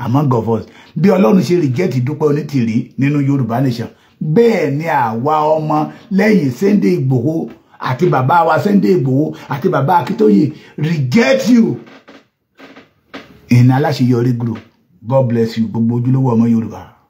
among of us bí ọlọ́run ṣe reject Dúpẹ́ Onítìrí nínú Yorùbá nation bẹ́ẹ̀ ni àwa ọmọ lẹ́yìn Sunday Ìgbòho àti bàbá wa Sunday Ìgbòho àti bàbá Akíntóyè reject you ìnáláṣeyọrí group God bless you gbogbo ojúlówó ọmọ Yorùbá.